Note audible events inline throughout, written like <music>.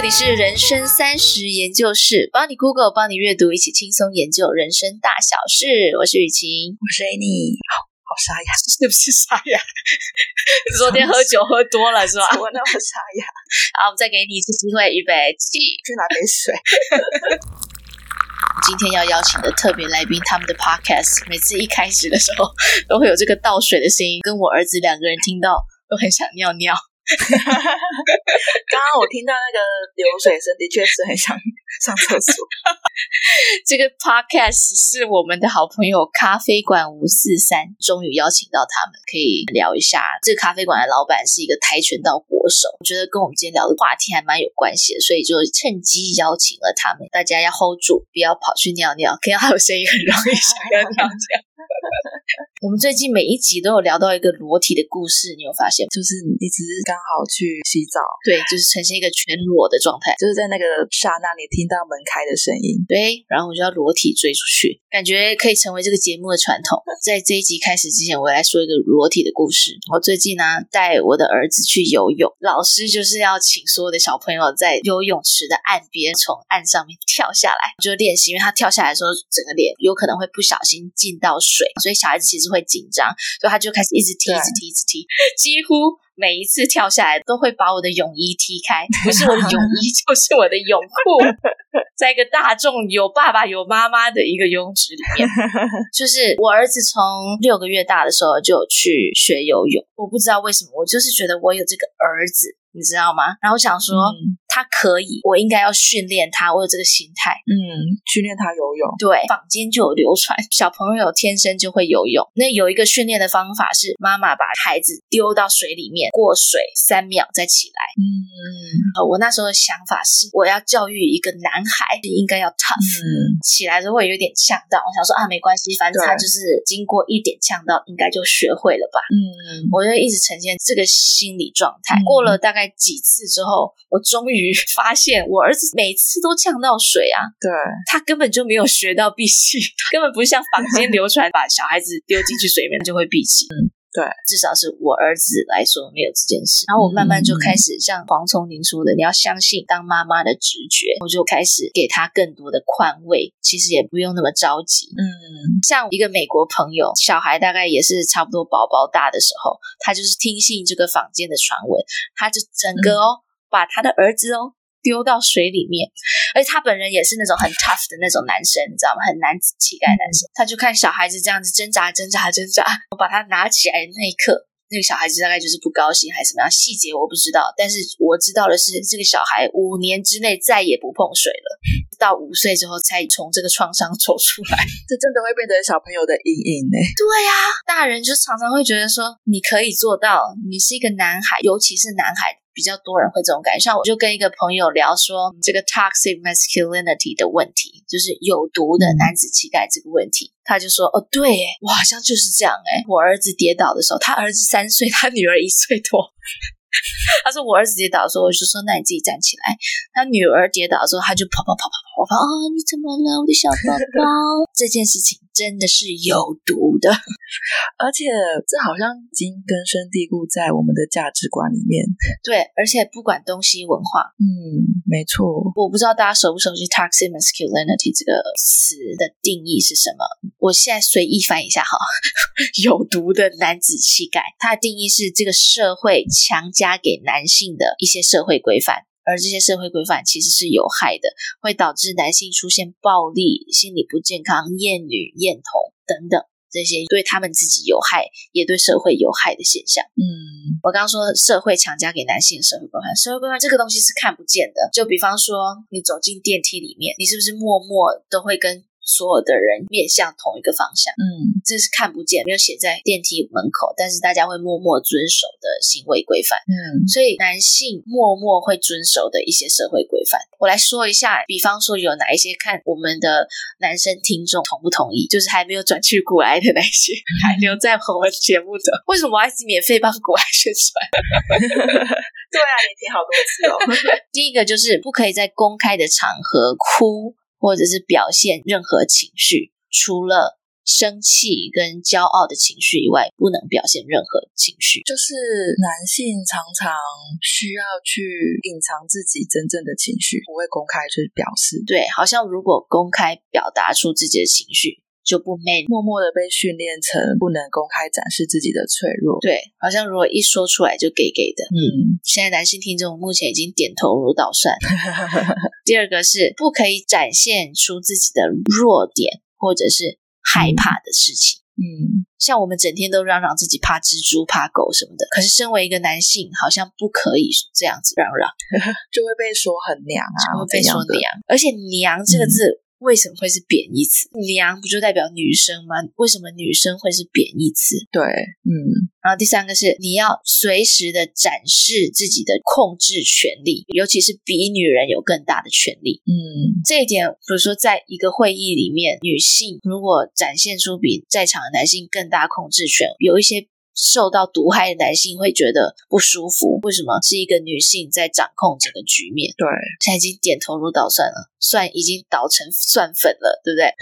這裡是人生三十研究室，幫你 Google，幫你閱讀，一起輕鬆研究人生大小事。我是雨芹，我是 Annie，好沙啞，是不是沙啞？事昨天喝酒喝多了是吧？我那麼沙啞。 <laughs> 好，我們再給你一次機會，預備，起，去拿杯水。 <laughs> 今天要邀請的特別來賓，他們的 Podcast 每次一開始的時候，都會有這個倒水的聲音，跟我兒子兩個人聽到都很想尿尿。哈哈哈哈哈！ <laughs> 剛剛我聽到那個流水聲，的確是很想上廁所。 <laughs> 這個 podcast 是我們的好朋友咖啡館五四三，終於邀請到他們，可以聊一下。這個咖啡館的老板是一個跆拳道國手，我覺得跟我們今天聊的話題還蠻有關係的，所以就趁機邀請了他們。大家要 hold 住，不要跑去尿尿，聽到有聲音很容易想要尿尿。 <laughs> <laughs> 我們最近每一集都有聊到一個裸體的故事，你有發現嗎？就是你一直剛好去洗澡，對，就是呈現一個全裸的狀態，就是在那個剎那裡聽到門開的聲音，對，然後我就要裸體追出去，感覺可以成為這個節目的傳統。在這一集開始之前，我來說一個裸體的故事。我最近呢，啊，帶我的兒子去游泳，老師就是要請所有的小朋友在游泳池的岸邊從岸上面跳下來，就練習，因為他跳下來的時候，整個臉有可能會不小心進到水。水，所以小孩子其實會緊張，所以他就開始一直踢，對一直踢，一直踢，幾乎每一次跳下來都會把我的泳衣踢開，不、啊、是我的泳衣，就是我的泳褲。 <laughs> 在一個大眾有爸爸有媽媽的一個游泳池裡面， <laughs> 就是我兒子從六個月大的時候就去學游泳，我不知道為什麼，我就是覺得我有這個兒子，你知道嗎？然後想說。嗯他可以，我應該要訓練他。我有這個心態，嗯，訓練他游泳。對，坊間就有流傳，小朋友天生就會游泳。那有一個訓練的方法是，媽媽把孩子丟到水裡面過水三秒再起來。嗯、哦，我那時候的想法是，我要教育一個男孩應該要 tough，、嗯、起來之後有一點嗆到。我想說啊，沒關係，反正他就是經過一點嗆到，應該就學會了吧？嗯，我就一直呈現這個心理狀態。嗯、過了大概幾次之後，我終於。發現我兒子每次都嗆到水啊！對，他根本就沒有學到閉氣，根本不像坊間流傳， <laughs> 把小孩子丟進去水面就會閉氣。嗯，對，至少是我兒子來說沒有這件事。嗯、然後我慢慢就開始、嗯、像黃瑽寧說的，你要相信當媽媽的直覺，我就開始給他更多的寬慰。其實也不用那麼着急。嗯，像一個美國朋友，小孩大概也是差不多寶寶大的時候，他就是聽信這個坊間的傳聞，他就整個哦。嗯把他的兒子哦丟到水裡面，而且他本人也是那種很 tough 的那種男生，你知道嗎？很男子氣概男生，他就看小孩子這樣子掙扎、掙扎、掙扎。我把他拿起來的那一刻，那個小孩子大概就是不高興還是怎麼樣，細節我不知道。但是我知道的是，這個小孩五年之內再也不碰水了，到五歲之後才從這個創傷走出來。這真的會變成小朋友的陰影呢。對呀、啊，大人就常常會覺得說，你可以做到，你是一個男孩，尤其是男孩。比較多人會這種感受，我就跟一個朋友聊說這個 toxic masculinity 的問題，就是有毒的男子氣概這個問題，嗯、他就說哦，對我好像就是這樣哎。我兒子跌倒的時候，他兒子三歲，他女兒一歲多。 <laughs> 他說我兒子跌倒的時候，我就說那你自己站起來。他女兒跌倒的時候，他就跑跑跑跑跑，我說啊，你怎麼了，我的小寶寶？的這件事情真的是有毒。的，而且這好像已經根深蒂固在我們的價值觀裡面。對，而且不管東西文化，嗯，沒錯。我不知道大家熟不熟悉 “toxic masculinity” 這個詞的定義是什麼？我現在隨意翻一下哈， <laughs> 有毒的男子氣概。它的定義是這個社會強加給男性的一些社會規範，而這些社會規範其實是有害的，會導致男性出現暴力、心理不健康、厭女、厭童等等。這些對他們自己有害，也對社會有害的現象。嗯，我剛剛說社會強加給男性社會規範，社會規範這個東西是看不見的。就比方說，你走進電梯裡面，你是不是默默都會跟所有的人面向同一個方向，嗯，這是看不見，沒有寫在電梯門口，但是大家會默默遵守的行為規範，嗯，所以男性默默會遵守的一些社會規範，我來說一下，比方說有哪一些，看我們的男生聽眾同不同意，就是還沒有轉去古愛的那些，還留在我們節目的， <laughs> 為什麼我要一直免費幫古愛宣傳？ <laughs> <laughs> 對啊，你聽好多次哦。 <laughs> 第一個就是不可以在公開的場合哭。或者是表現任何情緒，除了生氣跟驕傲的情緒以外，不能表現任何情緒。就是男性常常需要去隱藏自己真正的情緒，不會公開去表示。對，好像如果公開表達出自己的情緒，就不 man，默默的被訓練成不能公開展示自己的脆弱。對，好像如果一說出來就 gay gay 的。嗯，現在男性聽眾目前已經點頭如搗蒜。 <laughs> 第二個是不可以展現出自己的弱點或者是害怕的事情。嗯，嗯，像我們整天都嚷嚷自己怕蜘蛛、怕狗什麼的，可是身為一個男性，好像不可以這樣子嚷嚷， <laughs> 就會被說很娘啊，就會被說娘。而且“娘”這個字。嗯為什麼會是貶義詞？娘不就代表女生嗎？為什麼女生會是貶義詞？對，嗯。然後第三個是，你要隨時的展示自己的控制權利，尤其是比女人有更大的權利。嗯，這一點，比如說在一個會議裡面，女性如果展現出比在場的男性更大控制權，有一些。受到毒害的男性會覺得不舒服，為什麼是一個女性在掌控整個局面？對，現在已經點頭如搗蒜了，蒜已經搗成蒜粉了，對不對？ <laughs> <laughs>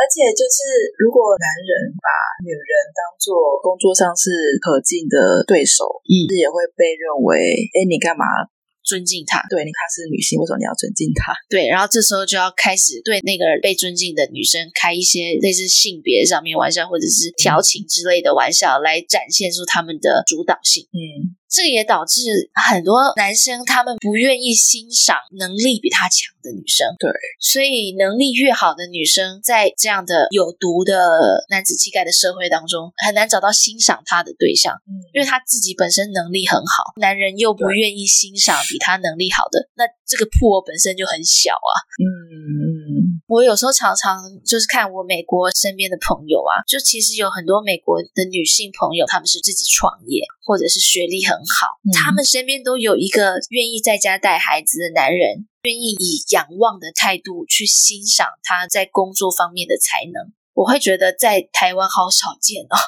而且，就是如果男人把女人當作工作上是可敬的對手，嗯，也會被認為，誒，你幹嘛？尊敬她，對，你她是女性，為什麼你要尊敬她？對，然後這時候就要開始對那個被尊敬的女生開一些類似性別上面玩笑，或者是調情之類的玩笑，嗯、來展現出他們的主導性。嗯。這也導致很多男生他們不願意欣賞能力比他強的女生，對，所以能力越好的女生，在這樣的有毒的男子氣概的社會當中，很難找到欣賞她的對象，因為她自己本身能力很好，男人又不願意欣賞比他能力好的，對那這個破窩本身就很小啊。嗯，我有時候常常就是看我美國身邊的朋友啊，就其實有很多美國的女性朋友，她們是自己創業。或者是學歷很好，嗯、他們身邊都有一個願意在家帶孩子的男人，願意以仰望的態度去欣賞他在工作方面的才能。我會覺得在台灣好少見哦！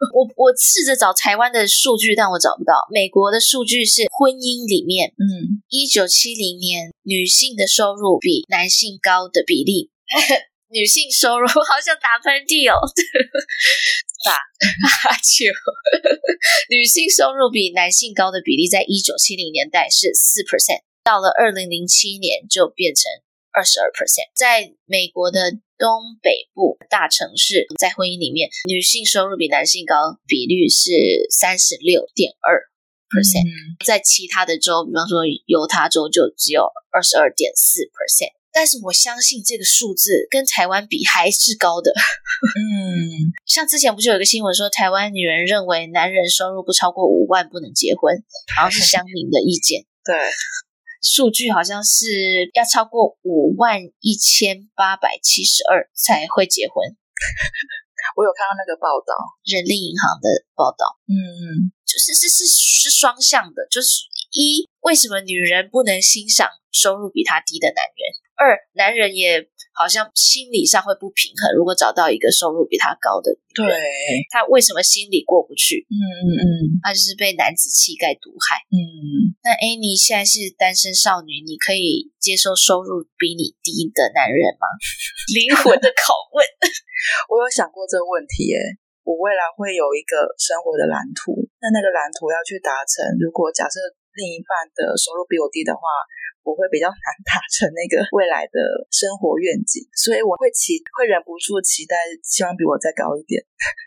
<laughs> 我我試着找台灣的數據，但我找不到。美國的數據是婚姻裡面，嗯，一九七零年女性的收入比男性高的比例。 <laughs> 女性收入，好想打噴嚏哦！ <laughs> 打哈欠。女性收入比男性高的比例，在一九七零年代是四 percent，到了二零零七年就變成二十二 percent。在美國的東北部大城市，在婚姻裡面，女性收入比男性高比率是三十六點二 percent，在其他的州，比方說猶他州，就只有二十二點四 percent。但是我相信這個數字跟台灣比還是高的。嗯，像之前不是有一個新聞說，台灣女人認為男人收入不超過五萬不能結婚，然後是鄉民的意見。對，數據好像是要超過五萬一千八百七十二才會結婚。我有看到那個報道，人力銀行的報道。嗯，就是是是是雙向的，就是。一，為什麼女人不能欣賞收入比她低的男人？二，男人也好像心理上會不平衡，如果找到一個收入比他高的，對，他為什麼心裡過不去？嗯嗯嗯，嗯他就是被男子氣概毒害。嗯，那 Annie、欸、現在是單身少女，你可以接受收入比你低的男人嗎？靈魂的拷問， <laughs> 我有想過這個問題耶，我未來會有一個生活的藍圖，那那個藍圖要去達成。如果假設。另一半的收入比我低的話，我會比較難達成那個未來的生活願景，所以我會期會忍不住期待，希望比我再高一點。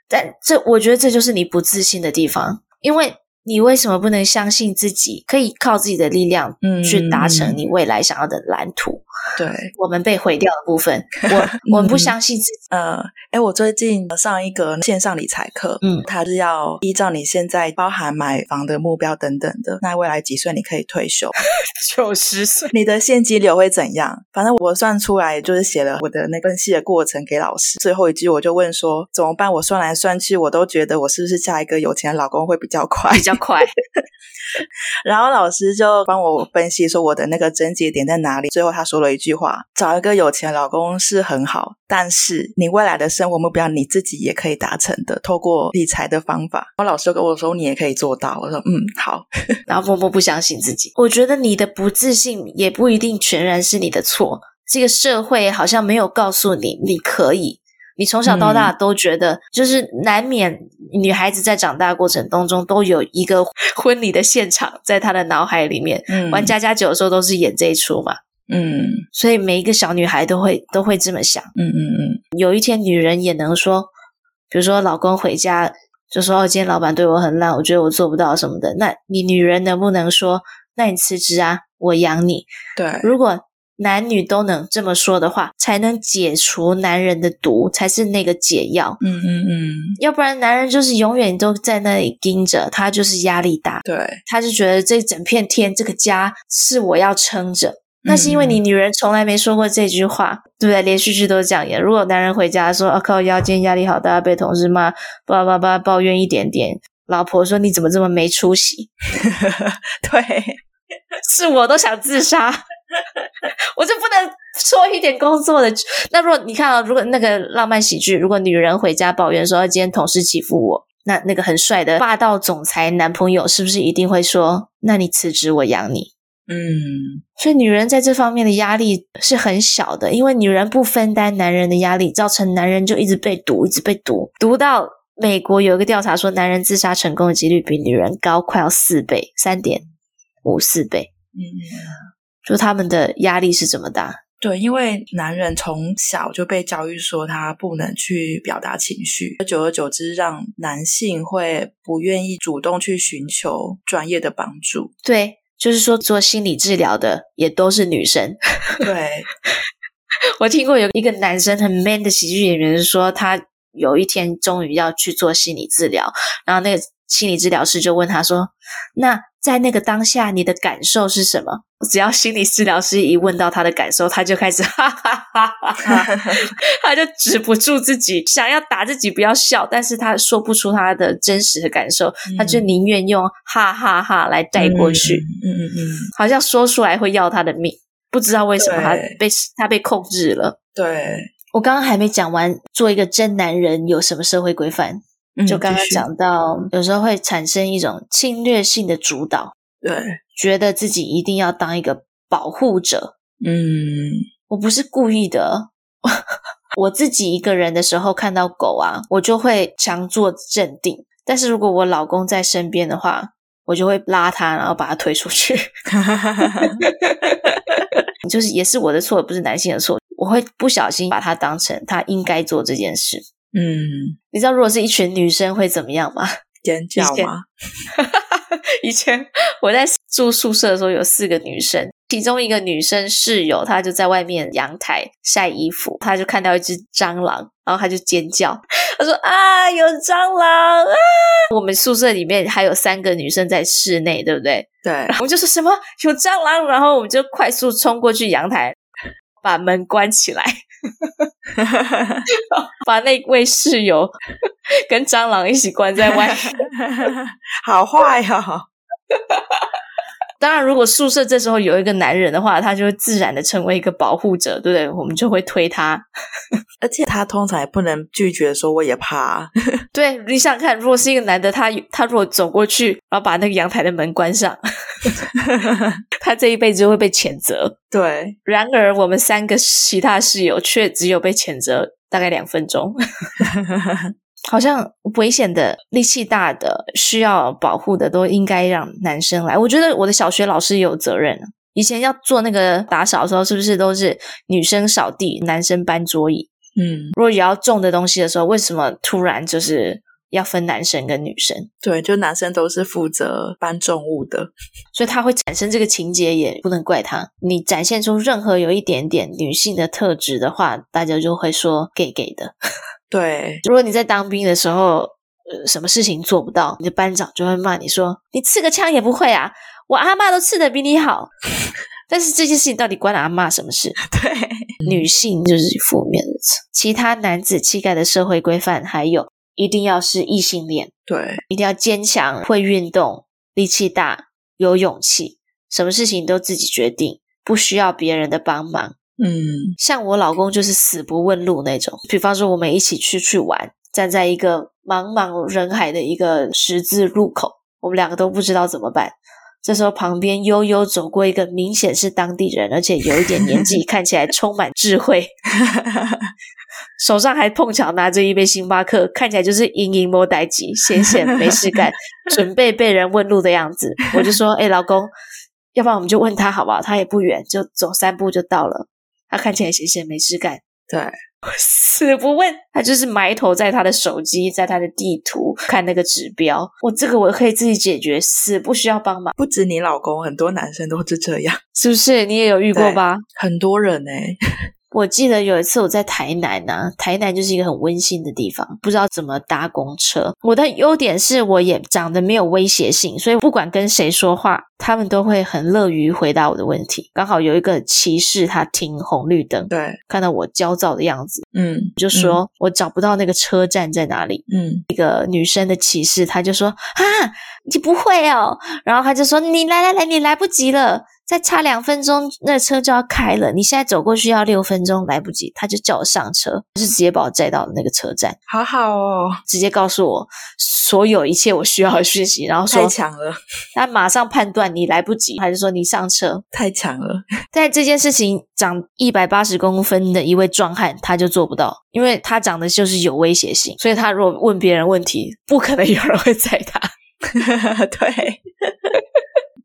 但這我覺得這就是你不自信的地方，因為。你為什麼不能相信自己，可以靠自己的力量嗯去達成你未來想要的藍圖？嗯嗯、對，我們被毀掉的部分，我我們不相信自己。嗯、呃，哎，我最近上一個線上理財課，嗯，他是要依照你現在包含買房的目標等等的，那未來幾歲你可以退休？九十 <laughs> 歲？你的現金流會怎樣？反正我算出來就是寫了我的那分析的過程給老師，最後一句我就問說怎麼辦？我算來算去，我都覺得我是不是嫁一個有錢的老公會比較快？快， <laughs> <laughs> 然後老師就幫我分析說我的那個症結點在哪裡。最後他說了一句話：“找一個有錢的老公是很好，但是你未來的生活目標你自己也可以達成的，透過理財的方法。”我老師就跟我說：“你也可以做到。”我說：“嗯，好。 <laughs> ”然後默默不相信自己。我覺得你的不自信也不一定全然是你的錯，這個社會好像沒有告訴你你可以。你從小到大都覺得，就是難免女孩子在長大過程當中都有一個婚禮的現場，在她的腦海裡面。嗯，玩家家酒的時候都是演這一出嘛。嗯，所以每一個小女孩都會都會這麼想。嗯嗯嗯，嗯嗯有一天女人也能說，比如說老公回家就說：“哦，今天老板對我很爛，我覺得我做不到什麼的。”那你女人能不能說：“那你辭職啊，我養你？”對，如果。男女都能這麼說的話，才能解除男人的毒，才是那個解藥。嗯嗯嗯，嗯嗯要不然男人就是永遠都在那裡盯着他，就是壓力大。對，他就覺得這整片天、這個家是我要撐着。嗯、那是因為你女人從來沒說過這句話，對不對？連續劇都講呀。如果男人回家說：“啊、靠，腰間壓力好大，被同事罵，叭叭叭抱怨一點點。”老婆說：“你怎麼這麼沒出息？” <laughs> 對，是我都想自殺。 <laughs> 我就不能說一點工作的。那如果你看啊，如果那個浪漫喜劇，如果女人回家抱怨說要今天同事欺負我，那那個很帥的霸道總裁男朋友是不是一定會說：“那你辭職，我養你？”嗯，所以女人在這方面的壓力是很小的，因為女人不分擔男人的壓力，造成男人就一直被毒，一直被毒，毒到美國有一個調查說，男人自殺成功的幾率比女人高，快要四倍，三點五四倍。嗯就他們的壓力是怎麼大，對，因為男人從小就被教育說他不能去表達情緒，久而久之，讓男性會不願意主動去尋求專業的幫助。對，就是說做心理治療的也都是女生。對， <laughs> 我聽過有一個男生很 man 的喜劇演員說，他有一天終於要去做心理治療，然後那個。心理治療師就問他說：“那在那個當下，你的感受是什麼？”只要心理治療師一問到他的感受，他就開始哈哈哈哈哈， <laughs> <laughs> 他就止不住自己想要打自己不要笑，但是他說不出他的真實的感受，嗯、他就寧願用哈哈哈哈來帶過去。嗯嗯嗯，嗯嗯嗯嗯好像說出來會要他的命，不知道為什麼他被對他被控制了。對，我剛剛還沒講完，做一個真男人有什麼社會規範？就剛剛講到，嗯、有時候會產生一種侵略性的主導，對，覺得自己一定要當一個保護者。嗯，我不是故意的， <laughs> 我自己一個人的時候看到狗啊，我就會強作鎮定；但是如果我老公在身邊的話，我就會拉他，然後把他推出去。 <laughs> 就是也是我的錯，不是男性的錯。我會不小心把他當成他應該做這件事。嗯，你知道如果是一群女生會怎麼樣嗎？尖叫嗎？哈哈哈，以前我在住宿舍的時候，有四個女生，其中一個女生室友她就在外面陽台曬衣服，她就看到一隻蟑螂，然後她就尖叫，她說啊，有蟑螂啊！我們宿舍裡面還有三個女生在室內，對不對？對，我們就說什麼有蟑螂，然後我們就快速衝過去陽台，把門關起來。 <laughs> 把那位室友跟蟑螂一起關在外面， <laughs> 好壞喲！當然，如果宿舍這時候有一個男人的話，他就會自然的成為一個保護者，對不對？我們就會推他，而且他通常也不能拒絕說我也怕。 <laughs> 對，你想看，如果是一個男的，他他如果走過去，然後把那個陽台的門關上， <laughs> 他這一輩子就會被譴責。對，然而我們三個其他室友卻只有被譴責大概兩分鐘。 <laughs> 好像危險的、力氣大的、需要保護的，都應該讓男生來。我覺得我的小學老師有責任。以前要做那個打掃的時候，是不是都是女生掃地、男生搬桌椅？嗯，如果有要重的東西的時候，為什麼突然就是要分男生跟女生？對，就男生都是負責搬重物的，所以他會產生這個情結，也不能怪他。你展現出任何有一點點女性的特質的話，大家就會說 gay gay 的。對，如果你在當兵的時候，呃，什麼事情做不到，你的班長就會罵你說：“你刺個槍也不會啊，我阿媽都刺得比你好。” <laughs> 但是這件事情到底關阿媽什麼事？對，女性就是負面的事。其他男子氣概的社會規範還有，一定要是異性戀，對，一定要堅強，會運動，力氣大，有勇氣，什麼事情都自己決定，不需要別人的幫忙。嗯，像我老公就是死不問路那種。比方說，我們一起去去玩，站在一個茫茫人海的一個十字路口，我們兩個都不知道怎麼辦。這時候，旁邊悠悠走過一個明顯是當地人，而且有一點年紀， <laughs> 看起來充滿智慧，手上還碰巧拿着一杯星巴克，看起來就是隱隱摸呆機，閒閒沒事幹， <laughs> 準備被人問路的樣子。我就說：“哎、欸，老公，要不然我們就問他好不好？他也不遠，就走三步就到了。”他看起來閒閒沒事幹，對，我死不問。他就是埋頭在他的手機，在他的地圖，看那個指標，我這個我可以自己解決，死不需要幫忙。不止你老公，很多男生都是這樣，是不是？你也有遇過吧？很多人哎、欸。 <laughs> 我記得有一次我在台南呢、啊，台南就是一個很溫馨的地方。不知道怎麼搭公車，我的優點是我也長得沒有威脅性，所以不管跟誰說話，他們都會很樂於回答我的問題。剛好有一個騎士，他停紅綠燈，對，看到我焦躁的樣子，嗯，就說、嗯、我找不到那個車站在哪裡，嗯，一個女生的騎士，他就說啊，你不會哦，然後他就說你來來來，你來不及了。再差兩分鐘，那個車就要開了。你現在走過去要六分鐘，來不及。他就叫我上車，就是直接把我載到那個車站。好好哦，直接告訴我所有一切我需要的訊息，然後說太強了。他馬上判斷你來不及，還是說你上車，太強了。但這件事情，長一百八十公分的一位壯漢，他就做不到，因為他長得就是有威脅性，所以他如果問別人問題，不可能有人會載他。 <laughs> 對。 <laughs>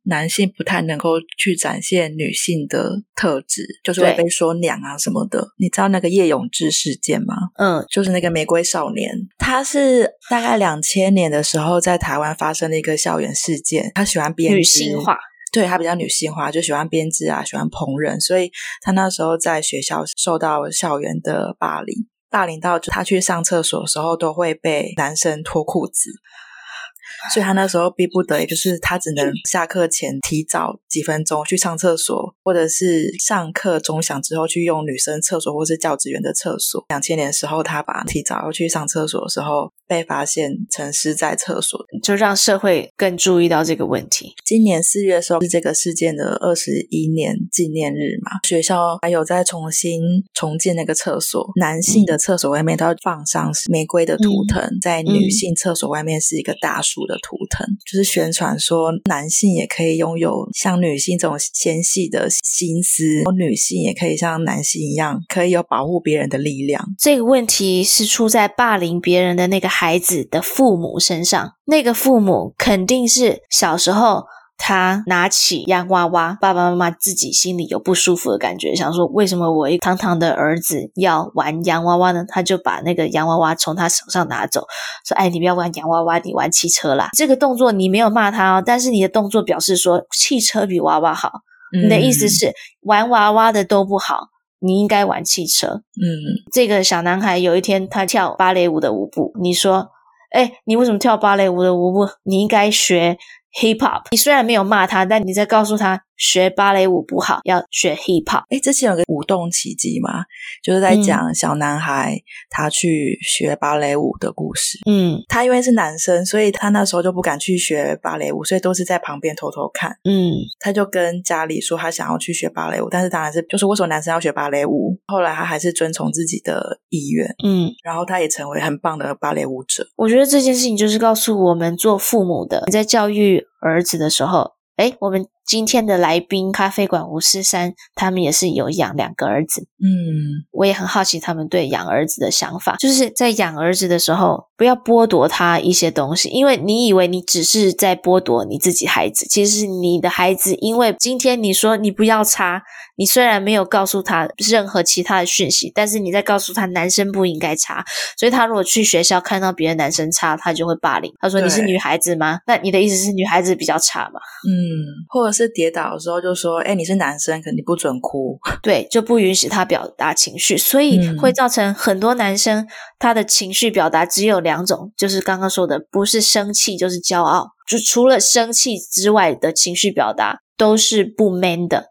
男性不太能夠去展現女性的特質，就是會被說娘啊什麼的。對你知道那個葉永志事件嗎？嗯，就是那個玫瑰少年，他是大概兩千年的時候在台灣發生了一個校園事件。他喜歡編織女性化，對，他比較女性化，就喜歡編織啊，喜歡烹飪，所以他那時候在學校受到校園的霸凌，霸凌到他去上廁所的時候都會被男生脫褲子。所以他那時候逼不得已，就是他只能下課前提早幾分鐘去上廁所，或者是上課鐘響之後去用女生廁所，或是教職員的廁所。兩千年的時候，他把提早要去上廁所的時候被發現沉屍在廁所，就讓社會更注意到這個問題。今年四月的時候是這個事件的二十一年紀念日嘛，學校還有在重新重建那個廁所，男性的廁所外面都要放上是玫瑰的圖騰，嗯、在女性廁所外面是一個大樹的圖騰，就是宣傳說，男性也可以擁有像女性這種纖細的心思，女性也可以像男性一樣可以有保護別人的力量。這個問題是出在霸凌別人的那個孩子的父母身上，那個父母肯定是小時候。他拿起洋娃娃，爸爸媽媽自己心裡有不舒服的感覺，想說為什麼我一堂堂的兒子要玩洋娃娃呢？他就把那個洋娃娃從他手上拿走，說：“哎，你不要玩洋娃娃，你玩汽車啦。”這個動作你沒有罵他、哦，但是你的動作表示說汽車比娃娃好。你的、嗯、意思是玩娃娃的都不好，你應該玩汽車。嗯，這個小男孩有一天他跳芭蕾舞的舞步，你說：“哎，你為什麼跳芭蕾舞的舞步？你應該學。” Hip Hop，你雖然沒有罵他，但你在告訴他。學芭蕾舞不好，要學 hip hop。哎，之前有個《舞動奇蹟》嘛，就是在講小男孩、嗯、他去學芭蕾舞的故事。嗯，他因為是男生，所以他那時候就不敢去學芭蕾舞，所以都是在旁邊偷偷看。嗯，他就跟家裡說他想要去學芭蕾舞，但是當然是就是為什麼男生要學芭蕾舞。後來他還是遵從自己的意願，嗯，然後他也成為很棒的芭蕾舞者。我覺得這件事情就是告訴我們做父母的，你在教育兒子的時候，哎，我們。今天的來賓咖啡館543，他們也是有養兩個兒子。嗯，我也很好奇他們對養兒子的想法，就是在養兒子的時候，不要剝奪他一些東西，因為你以為你只是在剝奪你自己孩子，其實你的孩子，因為今天你說你不要插。你雖然沒有告訴他任何其他的訊息，但是你在告訴他男生不應該差，所以他如果去學校看到別的男生差，他就會霸凌。他說你是女孩子嗎？對那你的意思是女孩子比較差嗎？嗯，或者是跌倒的時候就說，哎、欸，你是男生，肯定不准哭。對，就不允許他表達情緒，所以會造成很多男生他的情緒表達只有兩種，就是剛剛說的，不是生氣就是驕傲，就除了生氣之外的情緒表達都是不 man 的。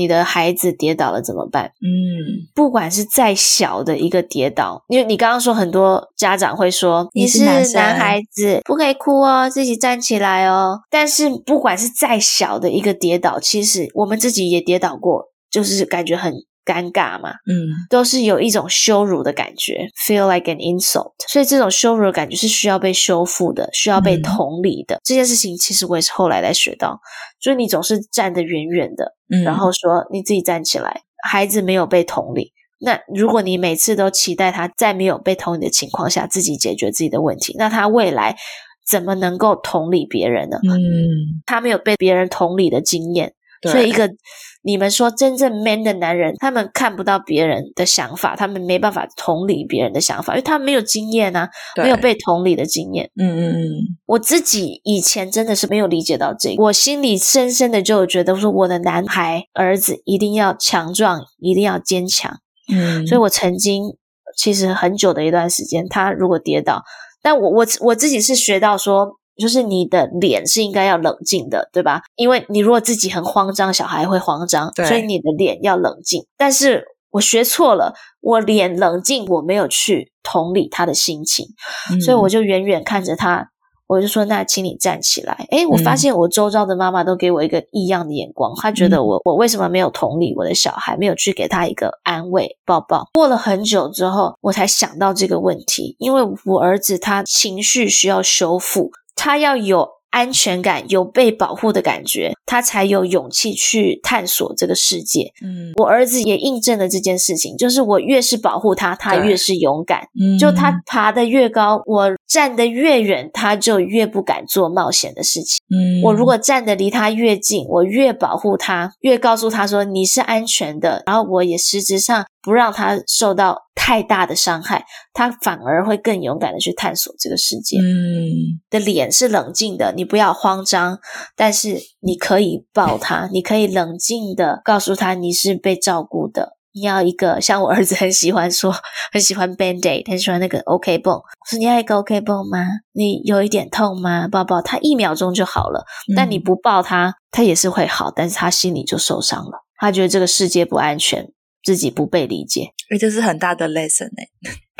你的孩子跌倒了怎麼辦？嗯，不管是再小的一個跌倒，因為你剛剛說很多家長會說，你是，你是男孩子，不可以哭哦，自己站起來哦。但是不管是再小的一個跌倒，其實我們自己也跌倒過，就是感覺很。尷尬嘛，嗯，都是有一種羞辱的感覺，feel like an insult。所以這種羞辱的感覺是需要被修復的，需要被同理的。嗯，這件事情其實我也是後來才學到，就是你總是站得遠遠的，嗯，然後說你自己站起來，孩子沒有被同理。那如果你每次都期待他，在沒有被同理的情況下自己解決自己的問題，那他未來怎麼能夠同理別人呢？嗯，他沒有被別人同理的經驗，對所以一個。你們說真正 man 的男人，他們看不到別人的想法，他們沒辦法同理別人的想法，因為他沒有經驗呢、啊，對沒有被同理的經驗。嗯嗯嗯，我自己以前真的是沒有理解到這個，我心裡深深的就覺得說我的男孩兒子一定要強壯，一定要堅強。嗯，所以我曾經其實很久的一段時間，他如果跌倒，但我我我自己是學到說。就是你的臉是應該要冷靜的，對吧？因為你如果自己很慌張，小孩會慌張，對所以你的臉要冷靜。但是我學錯了，我臉冷靜，我沒有去同理他的心情，嗯、所以我就遠遠看着他，我就說：“那請你站起來。”哎，我發現我周遭的媽媽都給我一個異樣的眼光，嗯、她覺得我我為什麼沒有同理我的小孩，嗯、沒有去給他一個安慰抱抱。過了很久之後，我才想到這個問題，因為我兒子他情緒需要修復。他要有安全感，有被保護的感覺，他才有勇氣去探索這個世界。嗯，我兒子也印證了這件事情，就是我越是保護他，他越是勇敢。嗯，就他爬得越高，我站得越遠，他就越不敢做冒險的事情。嗯，我如果站得離他越近，我越保護他，越告訴他說你是安全的，然後我也實質上。不讓他受到太大的傷害，他反而會更勇敢的去探索這個世界。嗯，的臉是冷靜的，你不要慌張，但是你可以抱他， <laughs> 你可以冷靜的告訴他你是被照顧的。你要一個像我兒子很喜歡說，很喜歡 band-aid 很喜歡那個 OK 蹦。Ball, 我說：“你要一個 OK 蹦嗎？你有一點痛嗎？抱抱他，一秒鐘就好了。但你不抱他，嗯、他也是會好，但是他心裡就受傷了，他覺得這個世界不安全。”自己不被理解，哎，這是很大的 lesson 欸。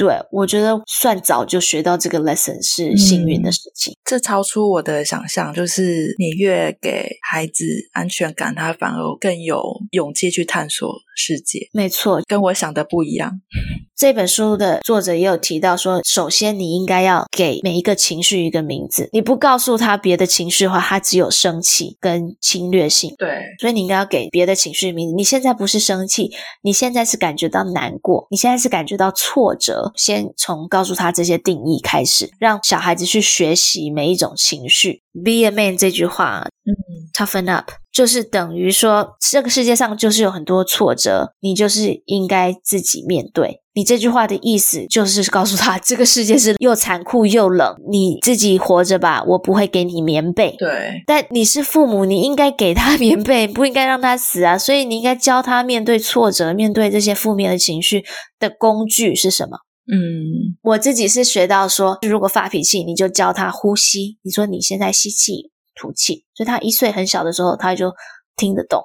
對，我覺得算早就學到這個 lesson 是幸運的事情。嗯。這超出我的想象，就是你越給孩子安全感，他反而更有勇氣去探索世界。沒錯，跟我想的不一樣。嗯。這本書的作者也有提到說，首先你應該要給每一個情緒一個名字。你不告訴他別的情緒的話，他只有生氣跟侵略性。對，所以你應該要給別的情緒名字。你現在不是生氣，你現在是感覺到難過，你現在是感覺到挫折。先從告訴他這些定義開始，讓小孩子，去學習每一種情緒。Be a man 這句話，嗯，Toughen up。就是等於說，這個世界上就是有很多挫折，你就是應該自己面對。你這句話的意思就是告訴他，這個世界是又殘酷又冷，你自己活着吧，我不會給你棉被。對，但你是父母，你應該給他棉被，不應該讓他死啊。所以你應該教他面對挫折、面對這些負面的情緒的工具是什麼？嗯，我自己是學到說，如果發脾氣，你就教他呼吸。你說你現在吸氣。吐氣，所以他一歲很小的時候，他就聽得懂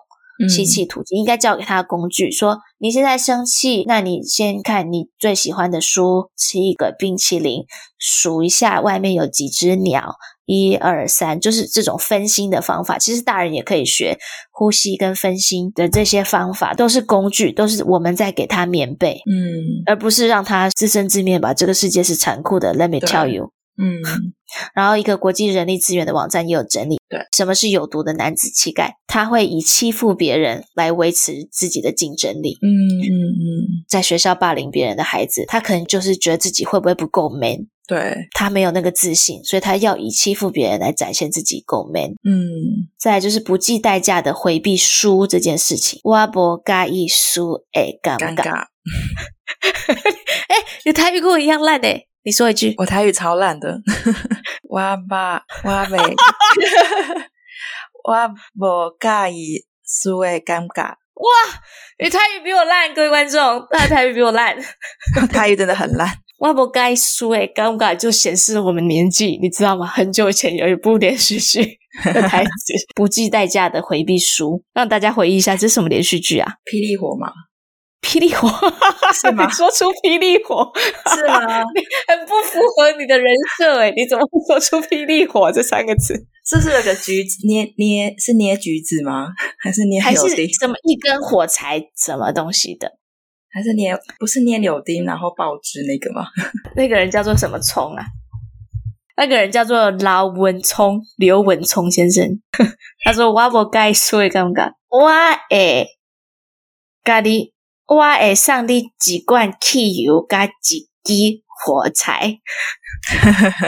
吸氣吐氣。應該教給他的工具，說你現在生氣，那你先看你最喜歡的書，吃一個冰淇淋，數一下外面有幾隻鳥，一二三，就是這種分心的方法。其實大人也可以學呼吸跟分心的這些方法，都是工具，都是我們在給他棉被，嗯，而不是讓他自生自滅吧。這個世界是殘酷的，Let me tell you。嗯，然後一個國際人力資源的網站也有整理，對，什麼是有毒的男子氣概？他會以欺負別人來維持自己的競爭力。嗯嗯嗯，就嗯在學校霸凌別人的孩子，他可能就是覺得自己會不會不夠 man？對，他沒有那個自信，所以他要以欺負別人來展現自己夠 man。嗯，再來就是不計代價的回避輸這件事情。哇，不嘎一輸哎，尷尬，哎，有台語跟我一樣爛呢、欸。你說一句，我台語超爛的。 <laughs> 我冇，我冇，哇 <laughs> 不介意輸誒尷尬。哇，你台語比我爛，各位觀眾，你台語比我爛。 <laughs> 台語真的很爛。哇 <laughs> 不介意輸誒尷尬，就顯示我們年紀，你知道嗎？很久以前有一部連續劇的台詞， <laughs> 不計代價的回避書。讓大家回憶一下，這是什麼連續劇啊？霹靂火嗎？霹靂火，是 <laughs> 你說出霹靂火是嗎？ <laughs> 你很不符合你的人設哎，你怎麼會說出霹靂火、啊、這三個字？ <laughs> 這是個橘子捏捏，是捏橘子嗎？還是捏還是什麼一根火柴什麼東西的？還是捏不是捏柳丁然後爆汁那個嗎？ <laughs> 那個人叫做什麼聰啊？那個人叫做老文聰，劉文聰先生。他說我：“我不該說，敢不敢？”我誒咖喱。我愛上帝幾罐汽油加幾滴火柴， <laughs>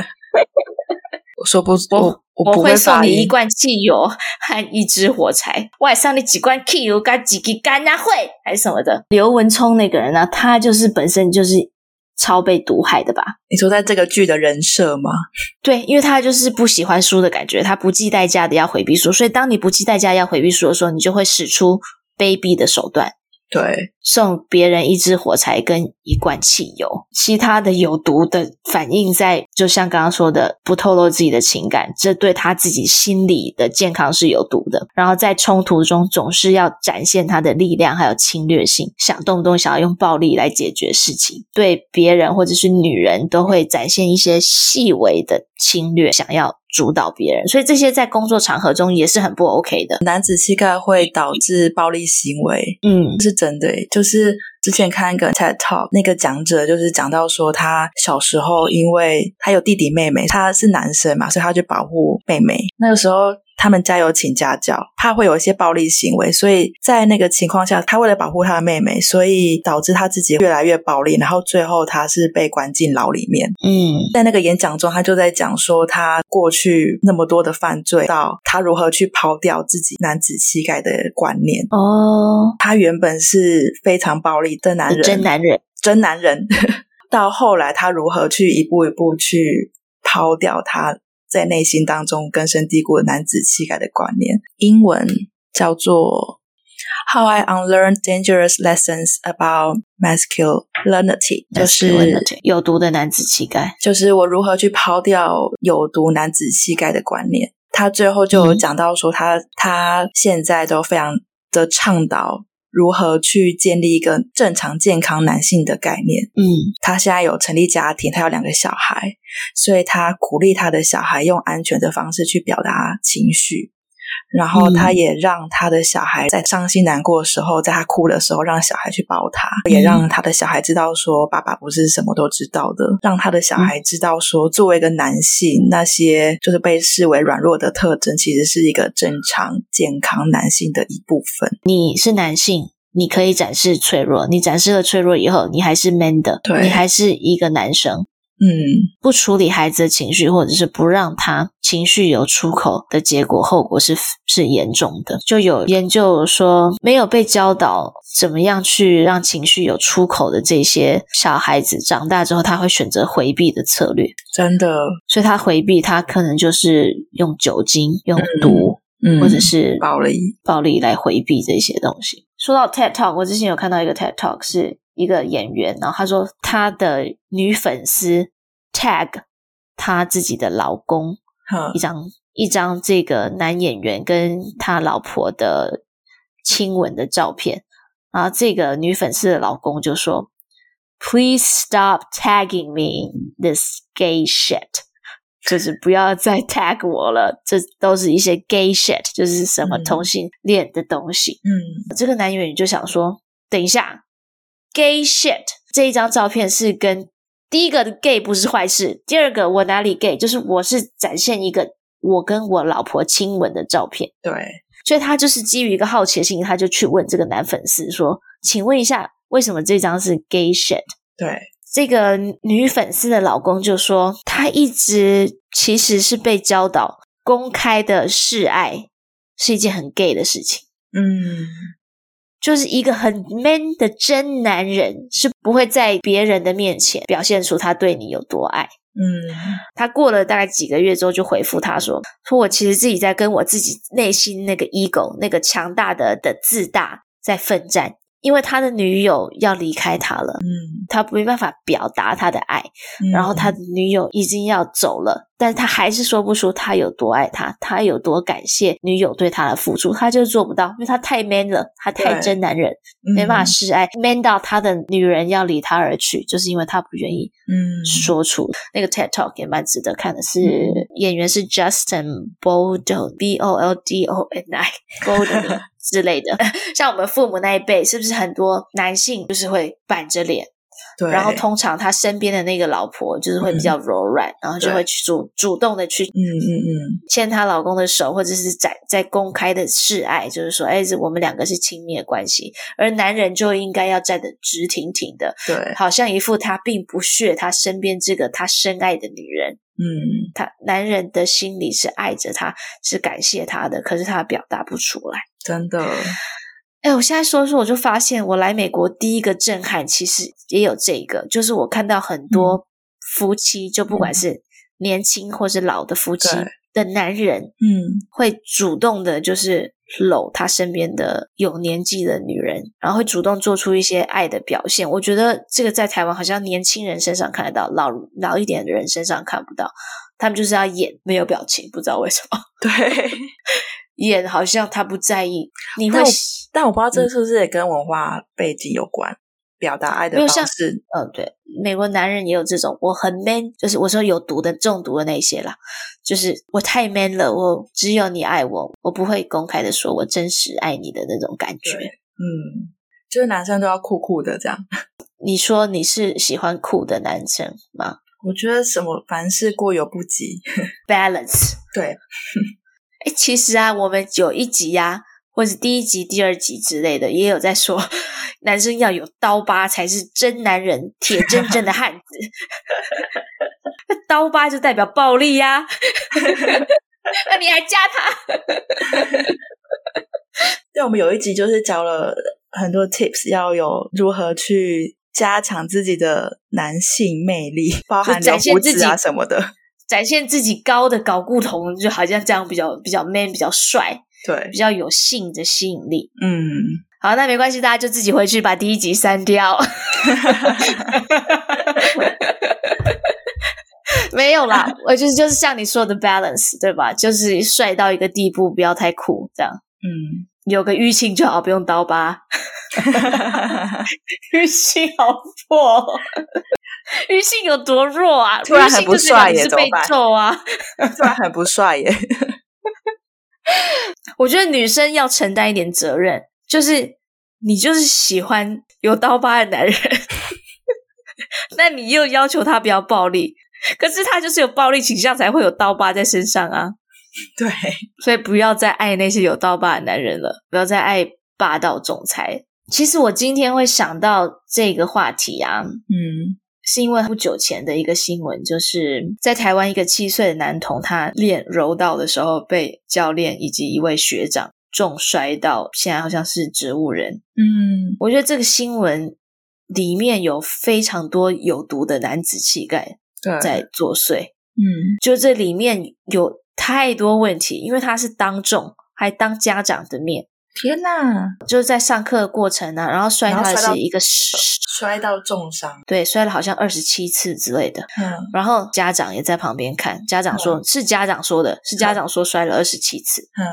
<laughs> 我說不我我不知道，我會送你一罐汽油和一支火柴。我愛上帝幾罐汽油加幾滴幹哪、啊、會還是什麼的。劉文聰那個人呢、啊，他就是本身就是超被毒害的吧？你說在這個劇的人設嗎？對，因為他就是不喜歡輸的感覺，他不計代價的要回避輸，所以當你不計代價要回避輸的時候，你就會使出卑鄙的手段。對，送別人一支火柴跟一罐汽油，其他的有毒的反應在，就像剛剛說的，不透露自己的情感，這對他自己心理的健康是有毒的。然後在衝突中總是要展現他的力量，還有侵略性，想動不動想要用暴力來解決事情，對別人或者是女人都會展現一些細微的侵略，想要。主導別人，所以這些在工作場合中也是很不 OK 的。男子氣概會導致暴力行為，嗯，是真的。就是之前看一個 TED talk，那個講者就是講到說，他小時候因為他有弟弟妹妹，他是男生嘛，所以他就保護妹妹，那個時候。他們家有請家教，怕會有一些暴力行為，所以在那個情況下，他為了保護他的妹妹，所以導致他自己越來越暴力，然後最後他是被關進牢裡面。嗯，在那個演講中，他就在講說他過去那麼多的犯罪，到他如何去拋掉自己男子氣概的觀念。哦，他原本是非常暴力的男人，真男人，真男人， <laughs> 到後來他如何去一步一步去拋掉他。在內心當中根深蒂固的男子氣概的觀念，英文叫做 How I Unlearn Dangerous Lessons About Masculinity，就是有毒的男子氣概。就是我如何去拋掉有毒男子氣概的觀念。他最後就有講到說，他他現在都非常的倡導。如何去建立一個正常、健康男性的概念？嗯，他現在有成立家庭，他有兩個小孩，所以他鼓勵他的小孩用安全的方式去表達情緒。然後他也讓他的小孩在傷心難過的時候，在他哭的時候，讓小孩去抱他，也讓他的小孩知道說，爸爸不是什麼都知道的，讓他的小孩知道說，作為一個男性，那些就是被視為軟弱的特徵，其實是一個正常健康男性的一部分。你是男性，你可以展示脆弱，你展示了脆弱以後，你還是 man 的，對你還是一個男生。嗯，不處理孩子的情緒，或者是不讓他情緒有出口的結果，後果是是嚴重的。就有研究說，沒有被教導怎麼樣去讓情緒有出口的這些小孩子，長大之後他會選擇回避的策略。真的，所以他回避，他可能就是用酒精、用毒，嗯嗯、或者是暴力、暴力來回避這些東西。說到 TED Talk，我之前有看到一個 TED Talk 是。一個演員，然後他說他的女粉絲 tag 他自己的老公，Huh. 一張一張這個男演員跟他老婆的親吻的照片，然後這個女粉絲的老公就說：“Please stop tagging me this gay shit，就是不要再 tag 我了，這都是一些 gay shit，就是什麼同性戀的東西。”嗯，這個男演員就想說：“等一下。” Gay shit，這一張照片是跟第一個 Gay 不是壞事。第二個我哪裡 Gay，就是我是展現一個我跟我老婆親吻的照片。對，所以他就是基於一個好奇心，他就去問這個男粉絲說：“請問一下，為什麼這張是 Gay shit？” 對，這個女粉絲的老公就說：“他一直其實是被教導公開的示愛是一件很 Gay 的事情。”嗯。就是一個很 man 的真男人，是不會在別人的面前表現出他對你有多愛。嗯，他過了大概幾個月之後，就回復他說：“說我其實自己在跟我自己內心那個 ego 那個強大的的自大在奮戰。”因為他的女友要離開他了，嗯，他沒辦法表達他的愛，嗯、然後他的女友已經要走了，嗯、但是他還是說不出他有多愛他，嗯、他有多感謝女友對他的付出，他就做不到，因為他太 man 了，他太真男人，對沒辦法示愛、嗯，man 到他的女人要離他而去，就是因為他不願意，嗯，說出。那個 TED Talk 也蠻值得看的，是、嗯、演員是 Justin Boldoni, B O L D O N I, Boldoni <laughs> 之類的，像我們父母那一輩，是不是很多男性就是會板着臉？對然後，通常他身邊的那個老婆就是會比較柔軟，嗯、然後就會去主對主動的去，嗯嗯嗯，牽她老公的手，嗯嗯嗯、或者是在在公開的示愛，就是說，哎，我們兩個是親密的關係，而男人就應該要站得直挺挺的，對，好像一副他並不屑他身邊這個他深愛的女人，嗯，他男人的心裡是愛着她，是感謝她的，可是他表達不出來，真的。哎，我現在說說，我就發現我來美國第一個震撼，其實也有這個，就是我看到很多夫妻，嗯、就不管是年輕或是老的夫妻，的男人，嗯，會主動的，就是摟他身邊的有年紀的女人，然後會主動做出一些愛的表現。我覺得這個在台灣好像年輕人身上看得到，老老一點的人身上看不到，他們就是要演沒有表情，不知道為什麼，對， <laughs> 演好像他不在意，你會。但我不知道這個是不是也跟文化背景有關，嗯、表達愛的方式沒有像是。嗯，對，美國男人也有這種，我很 man，就是我說有毒的中毒的那些啦。就是我太 man 了，我只有你愛我，我不會公開的說我真實愛你的那種感覺。嗯，就是男生都要酷酷的這樣。你說你是喜歡酷的男生嗎？我覺得什麼凡事過猶不及，balance。對。誒，其實啊，我們有一集呀、啊。或者第一集，第二集之類的，也有在說男生要有刀疤才是真男人，鐵錚錚的漢子。那 <laughs> 刀疤就代表暴力呀、啊？那 <laughs> 你還嫁他？那我們有一集就是教了很多 tips，要有如何去加強自己的男性魅力，包含了、啊、展現自己啊什麼的，展現自己高的睪固酮，就好像這樣比較比較 man、比較帥。對，比較有性的吸引力。嗯，好，那沒關係，大家就自己回去把第一集刪掉。 <laughs> 沒有啦，我就是就是像你說的 balance，對吧？就是帥到一個地步，不要太酷，這樣。嗯，有個淤青就好，不用刀疤。淤 <laughs> 青好破、哦，淤青有多弱啊？突然很不帥耶，是被揍啊？突然很不帥耶。 <laughs> 我覺得女生要承擔一點責任，就是你就是喜歡有刀疤的男人， <laughs> 那你又要求他不要暴力，可是他就是有暴力傾向，才會有刀疤在身上啊。對，所以不要再愛那些有刀疤的男人了，不要再愛霸道總裁。其實我今天會想到這個話題啊，嗯。是因為不久前的一個新聞，就是在台灣一個七歲的男童，他練柔道的時候被教練以及一位學長重摔，到現在好像是植物人。嗯，我覺得這個新聞裡面有非常多有毒的男子氣概在作祟。嗯對，就這裡面有太多問題，因為他是當眾還當家長的面，天哪！就是在上課的過程呢、啊，然後摔，然後摔到是一個。摔到重傷，對，摔了好像二十七次之類的。嗯，然後家長也在旁邊看，家長說、嗯、是家長說的，是，是家長說摔了二十七次。嗯，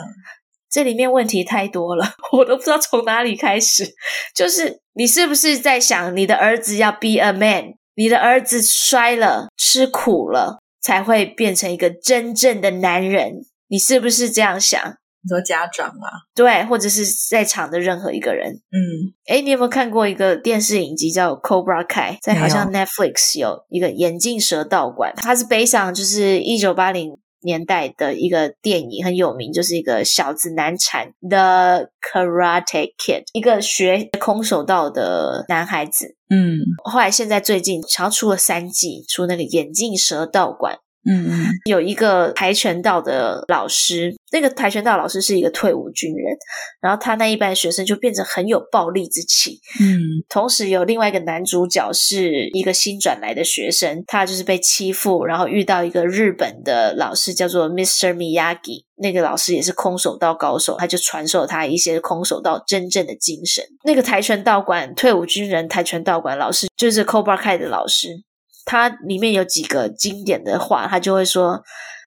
這裡面問題太多了，我都不知道從哪裡開始。就是你是不是在想，你的兒子要 be a man，你的兒子摔了、吃苦了，才會變成一個真正的男人？你是不是這樣想？你說家長啊，對，或者是在場的任何一個人。嗯，哎，你有沒有看過一個電視影集叫《Cobra Kai》？在好像 Netflix 有一個眼鏡蛇道館，有它是北上，就是一九八零年代的一個電影，很有名，就是一個小子難纏，《The Karate Kid》，一個學空手道的男孩子。嗯，後來現在最近好像出了三季，出那個眼鏡蛇道館。嗯嗯，有一個跆拳道的老師，那個跆拳道老師是一個退伍軍人，然後他那一班學生就變成很有暴力之氣。嗯，同時有另外一個男主角是一個新轉來的學生，他就是被欺負，然後遇到一個日本的老師，叫做 Mister Miyagi，那個老師也是空手道高手，他就傳授他一些空手道真正的精神。那個跆拳道館退伍軍人跆拳道館老師就是 Cobra Kai 的老師。就是他裡面有幾個經典的話，他就會說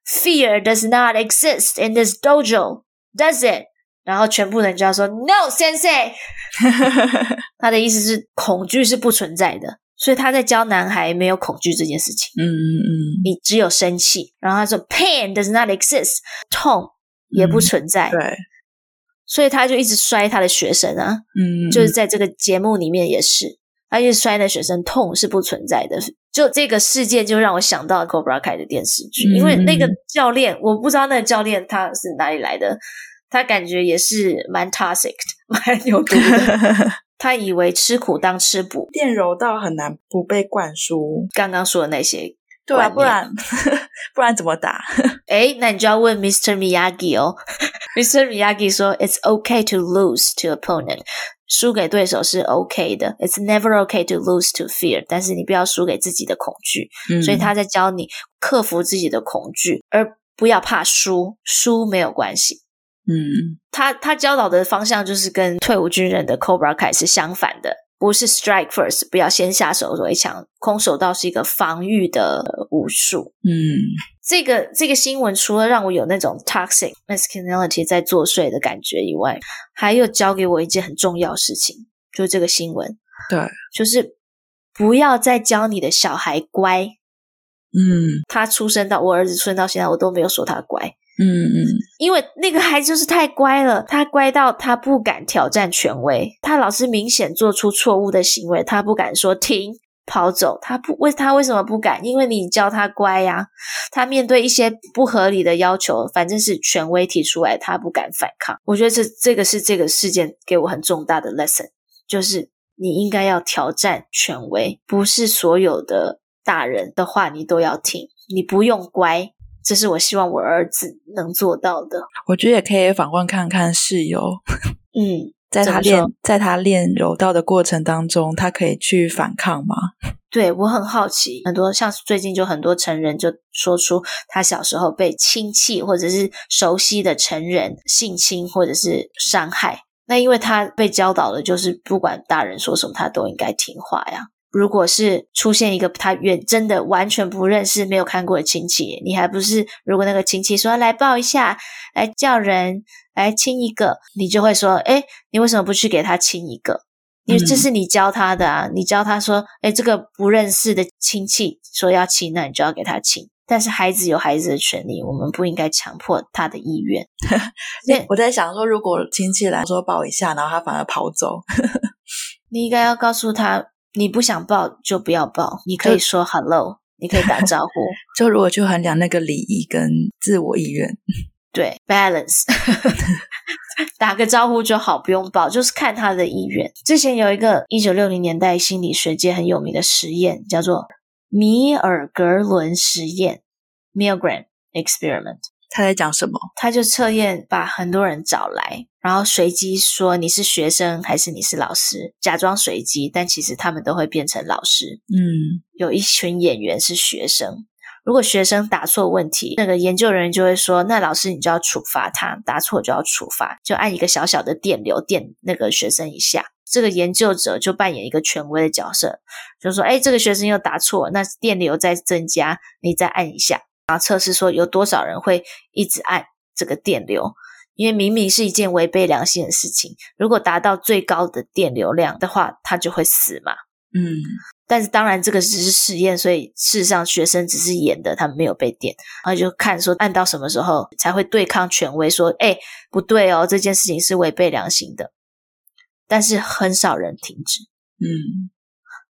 ，Fear does not exist in this dojo，does it? 然後全部人就要說 No，Sensei。No, 先生 <laughs> 他的意思是恐懼是不存在的，所以他在教男孩沒有恐懼這件事情。嗯嗯嗯，嗯，你只有生氣。然後他說，Pain does not exist，痛也不存在。嗯、對，所以他就一直摔他的學生啊。嗯，嗯，就是在這個節目裡面也是。而且摔那學生痛是不存在的，就這個事件就讓我想到 Cobra Kai 的電視劇，嗯、因為那個教練我不知道那個教練他是哪裡來的，他感覺也是蠻 toxic，蠻有毒的。 <laughs> 他以為吃苦當吃補，練柔道很難不被灌輸剛剛說的那些觀念。對啊，不然不然怎麼打？哎， <laughs> 那你就要問 Mr Miyagi 哦。 <laughs> Mr Miyagi 說：“It's okay to lose to opponent。”輸給對手是 OK 的，It's never OK to lose to fear，但是你不要輸給自己的恐懼，嗯，所以他在教你克服自己的恐懼，而不要怕輸，輸沒有關係。嗯，他他教導的方向就是跟退伍軍人的 Cobra Kai 是相反的。不是 strike first，不要先下手為強。空手道是一個防禦的武術。嗯，這個這個新聞除了讓我有那種 toxic masculinity 在作祟的感覺以外，還有教給我一件很重要事情，就這個新聞。對，就是不要再教你的小孩乖。嗯，他出生到我兒子出生到現在，我都沒有說他乖。嗯嗯，因為那個孩子就是太乖了，他乖到他不敢挑戰權威，他老是明顯做出錯誤的行為，他不敢說停跑走，他不為他為什麼不敢？因為你教他乖呀，他面對一些不合理的要求，反正是權威提出來，他不敢反抗。我覺得這這個是這個事件給我很重大的 lesson，就是你應該要挑戰權威，不是所有的大人的話你都要聽，你不用乖。這是我希望我兒子能做到的。我覺得也可以反觀看看室友，嗯，在他練在他練柔道的過程當中，他可以去反抗嗎？對，我很好奇。很多像最近就很多成人就說出他小時候被親戚或者是熟悉的成人性侵或者是傷害，那因為他被教導的就是不管大人說什麼，他都應該聽話呀。如果是出現一個他遠真的完全不認識、沒有看過的親戚，你還不是？如果那個親戚說來抱一下，來叫人，來親一個，你就會說：哎，你為什麼不去給他親一個？因為這是你教他的啊！你教他說：哎，這個不認識的親戚說要親，那你就要給他親。但是孩子有孩子的權利，我們不應該強迫他的意願。我在想說，如果親戚來說抱一下，然後他反而跑走，你應該要告訴他。你不想抱就不要抱，你可以說 “hello”，我你可以打招呼。 <laughs> 就如果去衡量那個禮儀跟自我意願，對，balance， <laughs> 打個招呼就好，不用抱，就是看他的意願。之前有一個一九六零年代心理學界很有名的實驗，叫做米爾格倫實驗 （Milgram experiment）。他在講什麼？他就測驗，把很多人找來，然後隨機說你是學生還是你是老師，假裝隨機，但其實他們都會變成老師。嗯，有一群演員是學生。如果學生答錯問題，那個研究人員就會說：“那老師，你就要處罰他，答錯就要處罰，就按一個小小的電流電那個學生一下。”這個研究者就扮演一個權威的角色，就說：“哎，這個學生又答錯，那電流再增加，你再按一下。”然後測試說有多少人會一直按這個電流，因為明明是一件違背良心的事情。如果達到最高的電流量的話，他就會死嘛。嗯，但是當然這個只是實驗，所以事實上學生只是演的，他們沒有被電。然後就看說按到什麼時候才會對抗權威，說哎、欸、不對哦，這件事情是違背良心的。但是很少人停止。嗯，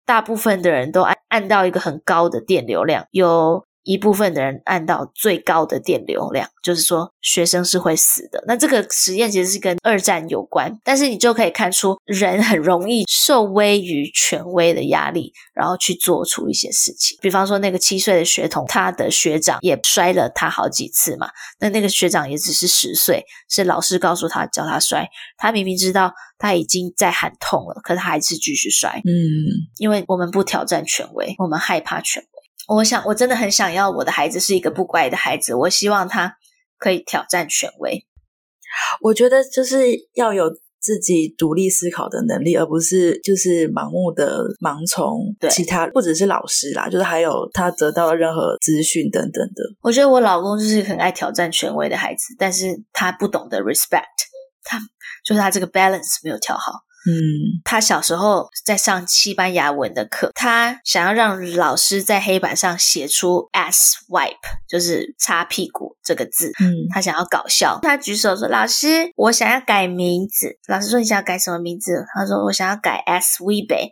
大部分的人都按，按到一個很高的電流量，有。一部分的人按到最高的電流量，就是說學生是會死的。那這個實驗其實是跟二戰有關，但是你就可以看出人很容易受威於權威的壓力，然後去做出一些事情。比方說那個七歲的學童，他的學長也摔了他好幾次嘛。那那個學長也只是十歲，是老師告訴他叫他摔，他明明知道他已經在喊痛了，可他還是繼續摔。嗯，因為我們不挑戰權威，我們害怕權。我想，我真的很想要我的孩子是一個不乖的孩子。我希望他可以挑戰權威。我覺得就是要有自己獨立思考的能力，而不是就是盲目的盲從其他，對不只是老師啦，就是還有他得到任何資訊等等的。我覺得我老公就是很愛挑戰權威的孩子，但是他不懂得 respect，他就是他這個 balance 沒有調好。嗯，他小時候在上西班牙文的課，他想要讓老師在黑板上寫出 asswipe，就是擦屁股這個字。嗯，他想要搞笑，他舉手說：“老師，我想要改名字。”老師說：“你想要改什麼名字？”他說：“我想要改 asswipe，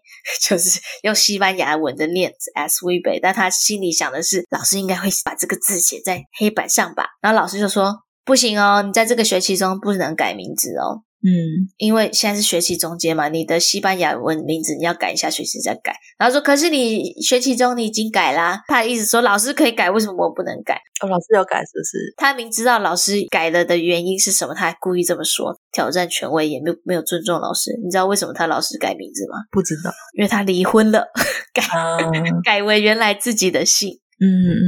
就是用西班牙文的念字 asswipe，但他心裡想的是，老師應該會把這個字寫在黑板上吧？然後老師就說：“不行哦，你在這個學期中不能改名字哦。”嗯，因為現在是學期中間嘛，你的西班牙文名字你要改一下，學習再改。然後說，可是你學期中你已經改啦，啊，他一直說老師可以改，為什麼我不能改？哦，老師要改是不是？他明知道老師改了的原因是什麼，他還故意這麼說，挑戰權威，也沒沒有尊重老師。你知道為什麼他老師改名字嗎？不知道，因為他離婚了，改，啊、改為原來自己的姓，嗯。嗯嗯，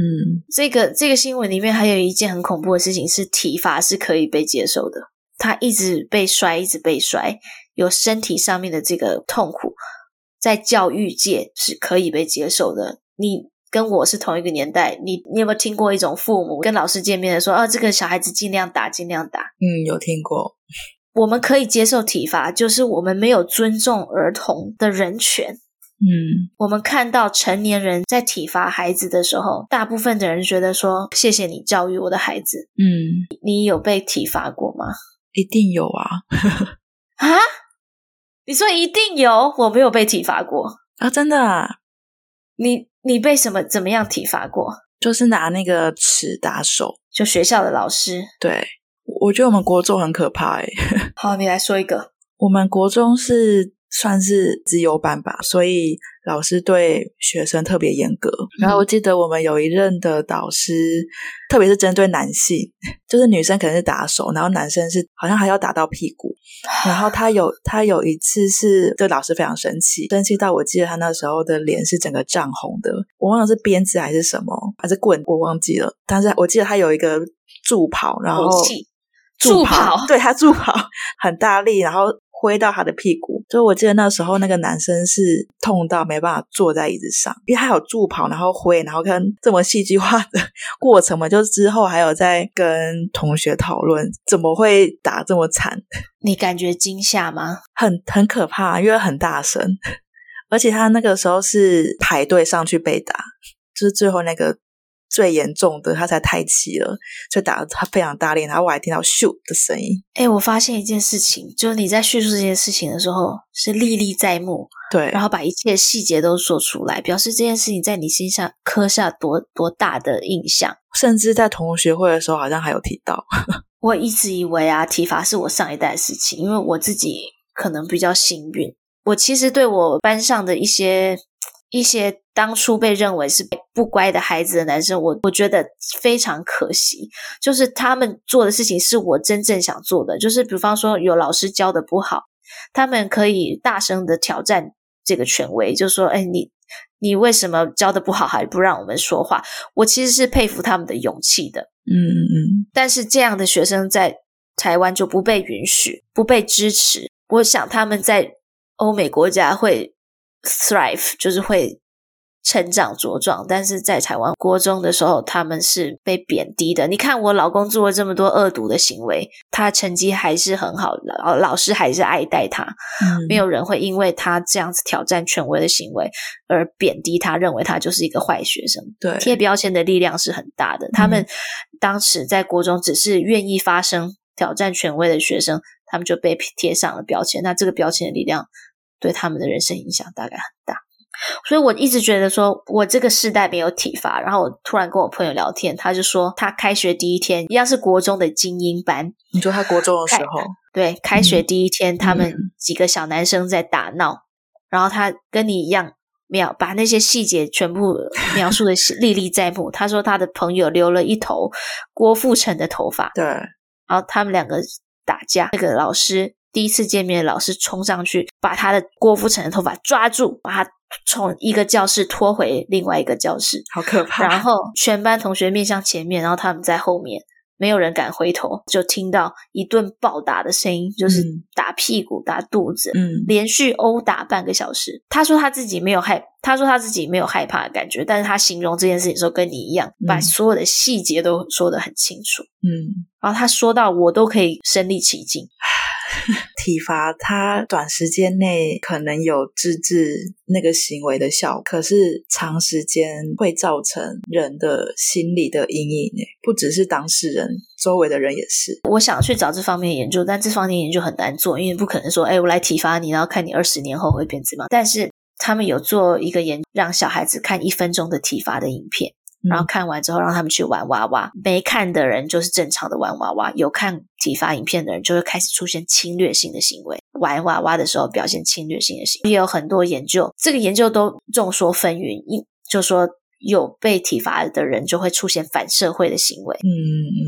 這個這個新聞裡面還有一件很恐怖的事情是體罰是可以被接受的。他一直被摔，一直被摔，有身體上面的這個痛苦，在教育界是可以被接受的。你跟我是同一個年代，你你有沒有聽過一種父母跟老師見面的時候，啊，這個小孩子儘量打，儘量打。嗯，有聽過。我們可以接受體罰，就是我們沒有尊重兒童的人權。嗯，我們看到成年人在體罰孩子的時候，大部分的人覺得說謝謝你教育我的孩子。嗯，你有被體罰過嗎？一定有啊 <laughs> ！啊，你說一定有，我沒有被體罰過。啊，真的啊？你你被什麼怎麼樣體罰過？就是拿那個尺打手，就學校的老師。對，我覺得我們國中很可怕哎 <laughs> 。好，你來說一個，我們國中是，算是自由班吧，所以老師對學生特別嚴格。然後我記得我們有一任的導師，嗯、特別是針對男性，就是女生可能是打手，然後男生是好像還要打到屁股。然後他有他有一次是對老師非常生氣，生氣到我記得他那時候的臉是整個漲紅的。我忘了是鞭子還是什麼還是棍，我忘記了。但是我記得他有一個助跑，然後助跑、哦、對他助跑很大力，然後。揮到他的屁股，所以我記得那時候那個男生是痛到沒辦法坐在椅子上，因為他有助跑，然後揮，然後跟這麼戲劇化的過程嘛。就是之後還有在跟同學討論怎麼會打這麼慘。你感覺驚嚇嗎？很很可怕，因為很大聲，而且他那個時候是排隊上去被打，就是最後那個。最嚴重的，他才太氣了，就打他非常大力，然後我還聽到咻的聲音。哎、欸，我發現一件事情，就是你在敘述這件事情的時候是歷歷在目，對，然後把一切細節都說出來，表示這件事情在你心上刻下多多大的印象，甚至在同學會的時候好像還有提到。 <laughs> 我一直以為啊，體罰是我上一代的事情，因為我自己可能比較幸運。我其實對我班上的一些一些。當初被認為是不乖的孩子的男生，我我覺得非常可惜。就是他們做的事情是我真正想做的。就是比方說，有老師教得不好，他們可以大聲地挑戰這個權威，就說：“哎，你你為什麼教得不好，還不讓我們說話？”我其實是佩服他們的勇氣的。嗯嗯。但是這樣的學生在台灣就不被允許，不被支持。我想他們在歐美國家會 thrive，就是會。成長茁壯，但是在台灣國中的時候，他們是被貶低的。你看，我老公做了這麼多惡毒的行為，他成績還是很好的，老師還是愛戴他。嗯、沒有人會因為他這樣子挑戰權威的行為而貶低他，認為他就是一個壞學生。對，貼標籤的力量是很大的。嗯、他們當時在國中，只是願意發聲挑戰權威的學生，他們就被貼上了標籤。那這個標籤的力量對他們的人生影響大概很大。所以我一直覺得說，我這個世代沒有體罰。然後我突然跟我朋友聊天，他就說他開學第一天一樣是國中的精英班。你說他國中的時候，對，開學第一天，嗯、他們幾個小男生在打鬧，嗯、然後他跟你一樣，沒有把那些細節全部描述的是歷歷在目。 <laughs> 他說他的朋友留了一頭郭富城的頭髮，對，然後他們兩個打架，那個老師。第一次見面，老師衝上去把他的郭富城的頭髮抓住，把他從一個教室拖回另外一個教室，好可怕！然後全班同學面向前面，然後他們在後面，沒有人敢回頭，就聽到一頓暴打的聲音，就是打屁股、打肚子，嗯，連續毆打半個小時。嗯，他說他自己沒有害，他說他自己沒有害怕的感覺，但是他形容這件事情時候跟你一樣，把所有的細節都說得很清楚，嗯，然後他說到我都可以身歷其境。 <laughs> 體罰它短時間內可能有制止那個行為的效果，可是長時間會造成人的心理的陰影。不只是當事人，周圍的人也是。我想去找這方面研究，但這方面研究很難做，因為不可能說，誒、欸，我來體罰你，然後看你二十年後會變怎麼樣。但是他們有做一個研，讓小孩子看一分鐘的體罰的影片。然後看完之後，讓他們去玩娃娃。沒看的人就是正常的玩娃娃，有看體罰影片的人就會開始出現侵略性的行為，玩娃娃的時候表現侵略性的行為。也有很多研究，這個研究都眾說紛紜，一就說有被體罰的人就會出現反社會的行為。嗯嗯，嗯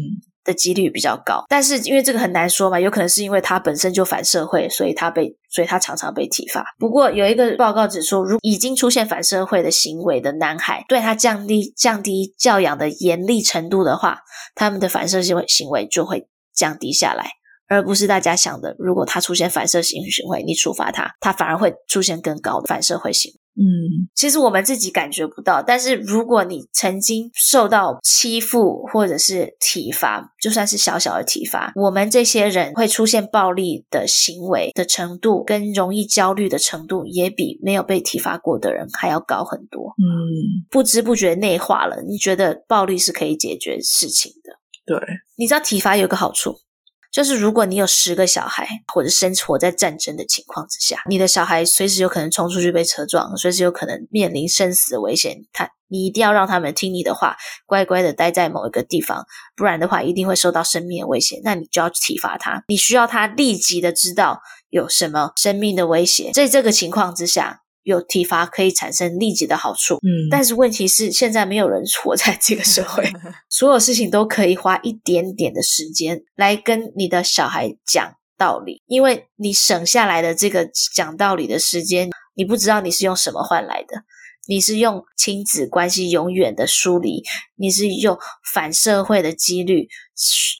的幾率比較高，但是因為這個很難說嘛，有可能是因為他本身就反社會，所以他被，所以他常常被體罰。不過有一個報告指出，如已經出現反社會的行為的男孩，對他降低降低教養的嚴厲程度的話，他們的反社會行，行為就會降低下來，而不是大家想的，如果他出現反社會行為，你處罰他，他反而會出現更高的反社會行為。嗯，其實我們自己感覺不到，但是如果你曾經受到欺負或者是體罰，就算是小小的體罰，我們這些人會出現暴力的行為的程度，跟容易焦慮的程度，也比沒有被體罰過的人還要高很多。嗯，不知不覺內化了，你覺得暴力是可以解決事情的。對，你知道體罰有個好處。就是如果你有十個小孩，或者生活在戰爭的情況之下，你的小孩隨時有可能衝出去被車撞，隨時有可能面臨生死危險。他，你一定要讓他們聽你的話，乖乖的待在某一個地方，不然的話一定會受到生命的危險。那你就要體罰他，你需要他立即的知道有什麼生命的威脅。在這個情況之下，有體罰可以產生立即的好處，嗯，但是問題是現在沒有人活在這個社會，所有事情都可以花一點點的時間來跟你的小孩講道理，因為你省下來的這個講道理的時間，你不知道你是用什麼換來的，你是用親子關係永遠的疏離，你是用反社會的幾率、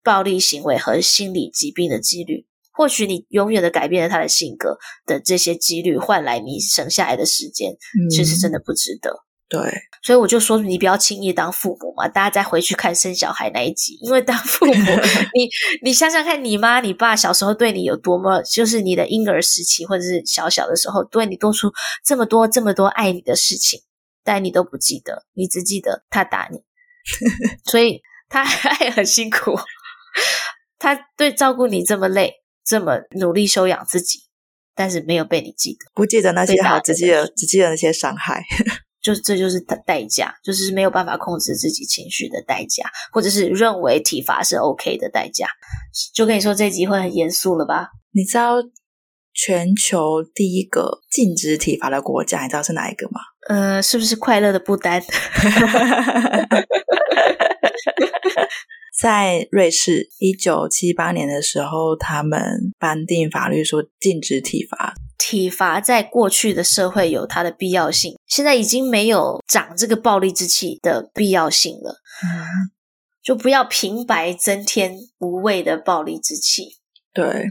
暴力行為和心理疾病的幾率。或許你永遠的改變了他的性格的這些幾率，換來你省下來的時間，嗯、其實真的不值得。對，所以我就說你不要輕易當父母嘛。大家再回去看生小孩那一集，因為當父母， <laughs> 你你想想看你媽你爸小時候對你有多麼，就是你的嬰兒時期或者是小小的時候，對你多出這麼多這麼多愛你的事情，但你都不記得，你只記得他打你， <laughs> 所以他還很辛苦，他對照顧你這麼累。這麼努力修養自己，但是沒有被你記得，不記得那些好，打的只記得只記得那些傷害， <laughs> 就這就是代價，就是沒有辦法控制自己情緒的代價，或者是認為體罰是 OK 的代價。就跟你說，這集會很嚴肅了吧？你知道全球第一個禁止體罰的國家，你知道是哪一個嗎？呃，是不是快樂的不丹？ <laughs> <laughs> <laughs> 在瑞士，一九七八年的時候，他們頒定法律說禁止體罰。體罰在過去的社會有它的必要性，現在已經沒有長這個暴力之氣的必要性了。嗯，就不要平白增添無謂的暴力之氣。對，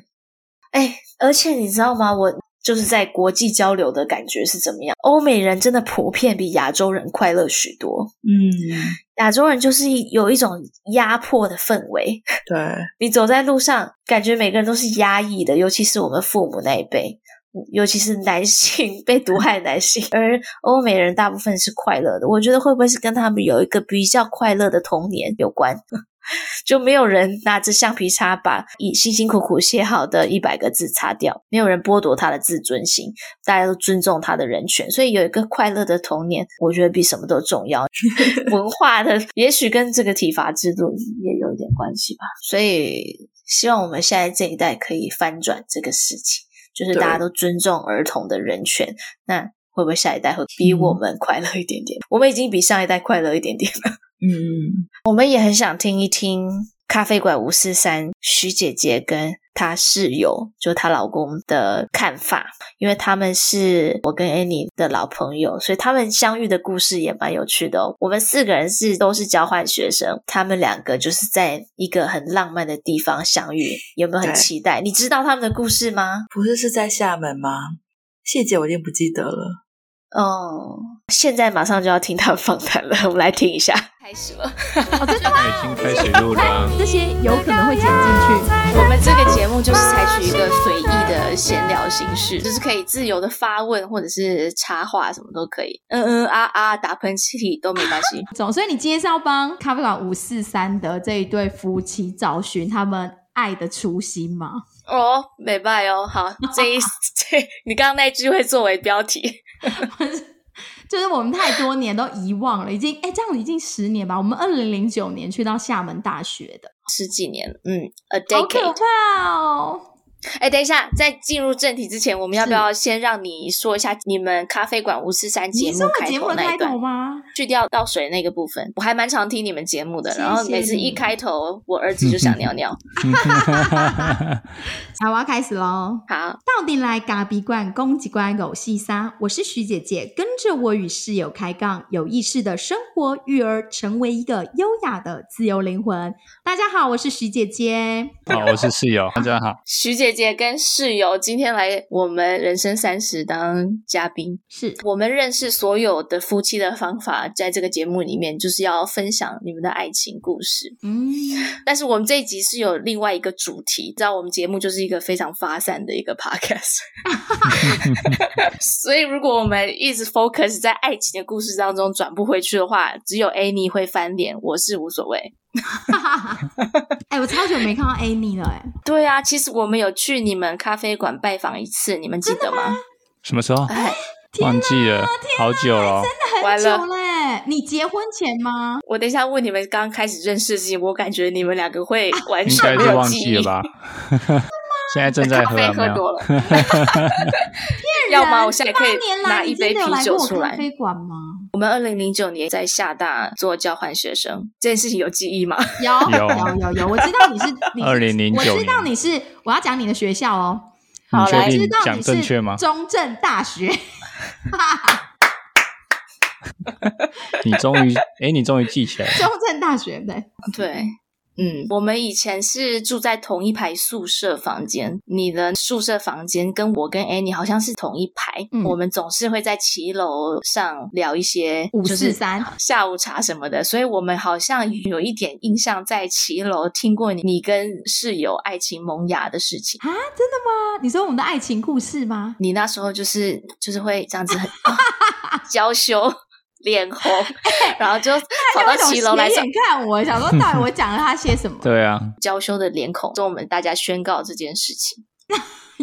哎，而且你知道嗎？我。就是在國際交流的感覺是怎麼樣？歐美人真的普遍比亞洲人快樂許多。嗯，亞洲人就是有一種壓迫的氛圍。對，你走在路上，感覺每個人都是壓抑的，尤其是我們父母那一輩，尤其是男性，被毒害男性， <laughs> 而歐美人大部分是快樂的。我覺得會不會是跟他們有一個比較快樂的童年有關？就沒有人拿着橡皮擦把一辛辛苦苦寫好的一百個字擦掉，沒有人剝奪他的自尊心，大家都尊重他的人權，所以有一個快樂的童年，我覺得比什麼都重要。文化的 <laughs> 也許跟這個體罰制度也有一點關係吧，所以希望我們現在這一代可以翻轉這個事情，就是大家都尊重兒童的人權，對那會不會下一代會比我們快樂一點點？嗯、我們已經比上一代快樂一點點了。嗯，我們也很想聽一聽咖啡館五四三許姐姐跟她室友，就她老公的看法，因為他們是我跟 Annie 的老朋友，所以他們相遇的故事也蠻有趣的哦。我們四個人是都是交換學生，他們兩個就是在一個很浪漫的地方相遇，有沒有很期待？對你知道他們的故事嗎？不是是在廈門嗎？細節我已經不記得了。哦、嗯，現在馬上就要聽他的訪談了，我們來聽一下。開始了，已經、 <laughs> 哦就是、開始錄了、啊。這些有可能會剪進去。我們這個節目就是採取一個隨意的閒聊形式，就是可以自由的發問或者是插話，什麼都可以。嗯嗯啊啊，打噴嚏都沒關係。 <laughs> 總所以你今天是要幫咖啡館五四三的這一對夫妻找尋他們愛的初心嗎？哦，沒辦哦，好，這一 <laughs> 這你剛剛那一句會作為標題。 <laughs> <laughs> 就是我們太多年都遺忘了，已經哎，這樣子已經十年吧。我們二零零九年去到廈門大學的十幾年，嗯，a decade。好可怕哦。哎，等一下，在進入正題之前，我們要不要先讓你說一下你們咖啡館五四三節目開頭那開頭嗎？去掉倒水那個部分。我還蠻常聽你們節目的，謝謝。然後每次一開頭，我兒子就想尿尿。好，我要開始嘍。好，到底來咖啡館，公雞關狗細沙。我是徐姐姐，跟着我與室友開槓，有意識的生活，育兒，成為一個優雅的自由靈魂。大家好，我是徐姐姐。好，我是室友。 <laughs> 大家好，徐姐姐。姐跟室友今天來我們人生三十當嘉賓，是我們認識所有的夫妻的方法，在這個節目裡面就是要分享你們的愛情故事。嗯，但是我們這一集是有另外一個主題，知道我們節目就是一個非常發散的一個 podcast，所以如果我們一直 focus 在愛情的故事當中轉不回去的話，只有 Annie 會翻臉，我是無所謂。哎、 <laughs> <laughs> 欸，我超久沒看到 Annie 了、欸，哎。對啊，其實我們有去你們咖啡館拜訪一次，你們記得嗎？嗎，什麼時候？哎， <laughs> 忘記了，啊啊、好久了，真的很久了。了，你結婚前嗎？我等一下問你們，剛開始認識時，我感覺你們兩個會完全忘記，應該是忘記了吧？ <laughs> 現在正在喝，啊， <laughs> 咖啡喝多了。 <laughs> 騙人 <laughs> 要嗎？我現在可以拿一杯啤酒出來。咖啡館嗎？我們二零零九年在廈大做交換學生，這件事情有記憶嗎？有有，有有有，我知道你是。你是 <laughs> 二零零九年我知道你是。我要講你的學校哦。好嘞你確定講正確嗎？中正大學。哈哈哈哈哈！你終於，哎，你終於記起來，中正大學對對。對嗯，我們以前是住在同一排宿舍房間，你的宿舍房間跟我跟 Annie 好像是同一排。嗯，我們總是會在騎樓上聊一些五四三下午茶什麼的，所以我們好像有一點印象，在騎樓聽過你，你跟室友愛情萌芽的事情啊？真的嗎？你說我們的愛情故事嗎？你那時候就是就是會這樣子很嬌、 <laughs> 哦、羞。臉紅，然後就跑到七樓來、哎、看我，想說到底我講了他些什麼？ <laughs> 對啊，嬌羞的臉孔跟我們大家宣告這件事情，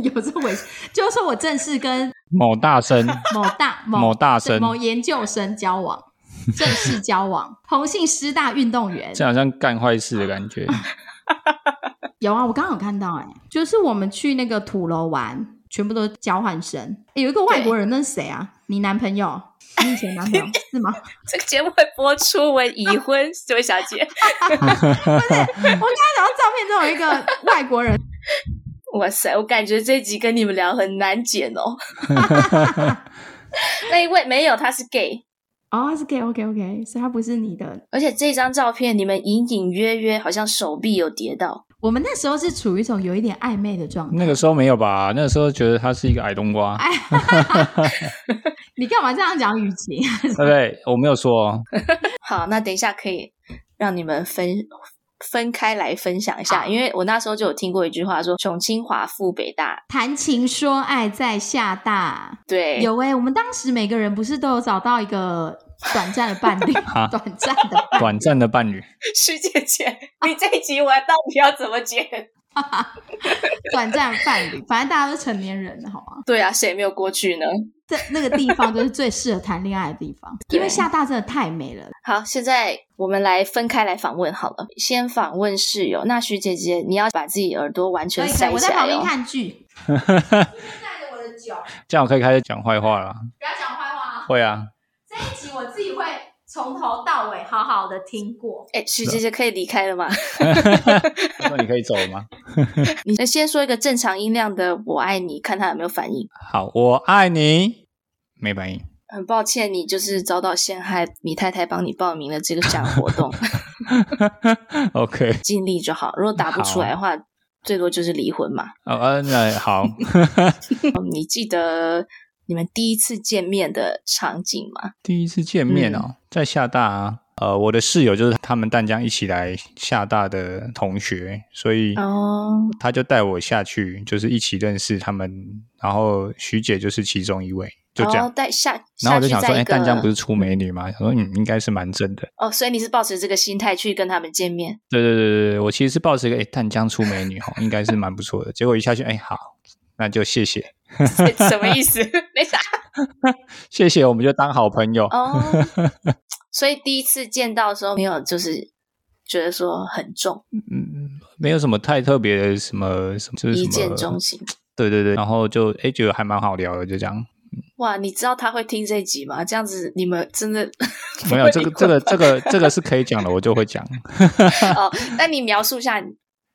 有這回事，就是我正式跟某大生、某大、某,某大生、某研究生交往，正式交往。同性師大運動員，這 <laughs> 好像幹壞事的感覺。 <laughs> 有啊，我剛好看到哎、欸，就是我們去那個土樓玩，全部都是交換生、欸，有一個外國人，對那是誰啊？你男朋友？以 <noise> 前男朋友是嗎？ <laughs> 這個節目會播出，我已婚 <laughs> 這位小姐， <laughs> <laughs> 不是？ <laughs> 我剛剛找到照片中有一個外國人， <laughs> 哇塞！我感覺這一集跟你們聊很難剪哦。 <laughs> <laughs> <laughs> 那一位沒有，他是、oh, gay 哦，是 gay。OK OK，所、so、以他不是你的。 <laughs> 而且這張照片，你們隱隱約約好像手臂有疊到。我們那時候是處於一種有一點曖昧的狀態。那個時候沒有吧？那個時候覺得他是一個矮冬瓜。哎、 <laughs> <laughs> 你幹嘛這樣講雨芹？對不對？我沒有說、哦。好，那等一下可以讓你們分分開來分享一下，啊、因為我那時候就有聽過一句話說：“窮清華富北大，談情說愛在廈大。”對，有哎、欸，我們當時每個人不是都有找到一個。短暫的伴侶，哈，短暫的，短暫的伴侶。啊、伴侶徐姐姐，你這一集我到底要怎麼剪？啊、短暫伴侶，反正大家都成年人，好嗎？對啊，誰沒有過去呢？在那個地方就是最適合談戀愛的地方， <laughs> 因為廈大真的太美了。對好，現在我們來分開來訪問好了。先訪問室友，那徐姐姐，你要把自己耳朵完全塞起我在旁邊看劇，帶著我的腳， <laughs> 這樣我可以開始講壞話了。不要講壞話，會啊。這一集我自己會從頭到尾好好的聽過。哎、欸，徐姐姐可以離開了嗎？那 <laughs> <laughs> 你可以走了嗎？ <laughs> 你先說一個正常音量的“我愛你”，看他有沒有反應。好，我愛你，沒反應。很抱歉，你就是遭到陷害，米太太幫你報名了這個假活動。 <laughs> <laughs> OK，盡力就好。如果答不出來的話，好最多就是離婚嘛。啊、oh, 呃，那好。 <laughs> <laughs> 你記得你們第一次見面的場景嗎？第一次見面哦，在廈大啊。呃，我的室友就是他們淡江一起來廈大的同學，所以哦，他就帶我下去，就是一起認識他們。然後許姐就是其中一位，就這樣帶、哦、下，下然後我就想說，哎，淡江不是出美女嗎？他說、嗯，嗯，應該是蠻真的。哦，所以你是抱持這個心態去跟他們見面？對對對對對，我其實是抱持一個，哎，淡江出美女哈， <laughs> 應該是蠻不錯的。結果一下去，哎，好，那就謝謝。什麼意思？沒啥。謝謝，我們就當好朋友哦。Oh, <laughs> 所以第一次見到的時候，沒有就是覺得說很重。嗯，沒有什麼太特別的，什麼什麼，就是、什麼一見鍾情。對對對，然後就哎，覺、欸、得還蠻好聊的，就這樣。哇，wow, 你知道他會聽這一集嗎？這樣子你們真的 <laughs> <laughs> 沒有這個這個這個這個是可以講的， <laughs> 我就會講。哦，那你描述一下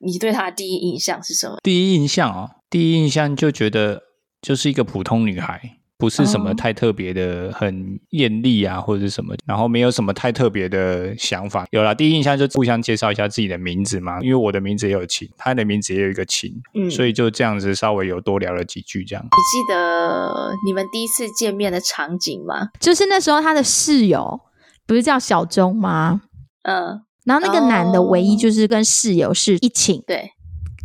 你對他的第一印象是什麼？第一印象啊、哦，第一印象就覺得。就是一個，普通女孩，不是什麼太特別的，很豔麗啊，哦、或者是什麼，然後沒有什麼太特別的想法。有啦，第一印象就互相介紹一下自己的名字嘛，因為我的名字也有“晴”，他的名字也有一個“晴”，嗯，所以就這樣子稍微有多聊了幾句，這樣。你記得你們第一次見面的場景嗎？就是那時候他的室友不是叫小鍾嗎？嗯，然後那個男的唯一就是跟室友是一寢、哦，對，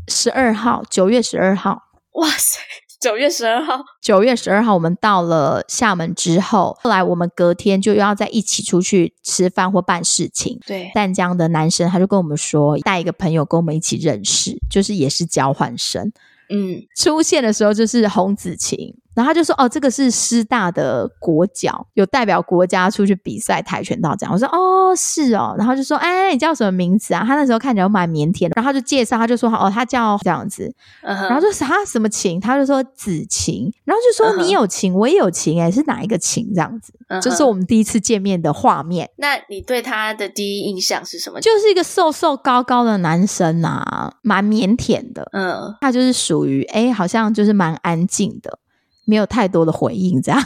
十二號，九月十二號，號，哇塞！九月十二號，九月十二號，我們到了廈門之後，後來我們隔天就又要在一起出去吃飯或辦事情。對，淡江的男生他就跟我們說帶一個朋友跟我們一起認識，就是也是交換生。嗯，出現的時候就是洪子晴。然後他就說：“哦，這個是師大的國腳，有代表國家出去比賽跆拳道這樣。”我說：“哦，是哦。”然後就說：“哎，你叫什麼名字啊？”他那時候看起來蠻腼腆的。然後他就介紹，他就說：“哦，他叫這樣子。” Uh-huh. 然後說：“啥、啊、什麼情？”他就說：“子晴。”然後就說：“ uh huh. 你有情，我也有情、欸，哎，是哪一個情這樣子，這、uh huh. 是我們第一次見面的畫面。那你對他的第一印象是什麼？就是一個瘦瘦高高的男生啊，蠻腼腆的。嗯、uh huh. 他就是屬於哎，好像就是蠻安靜的。沒有太多的回應，這樣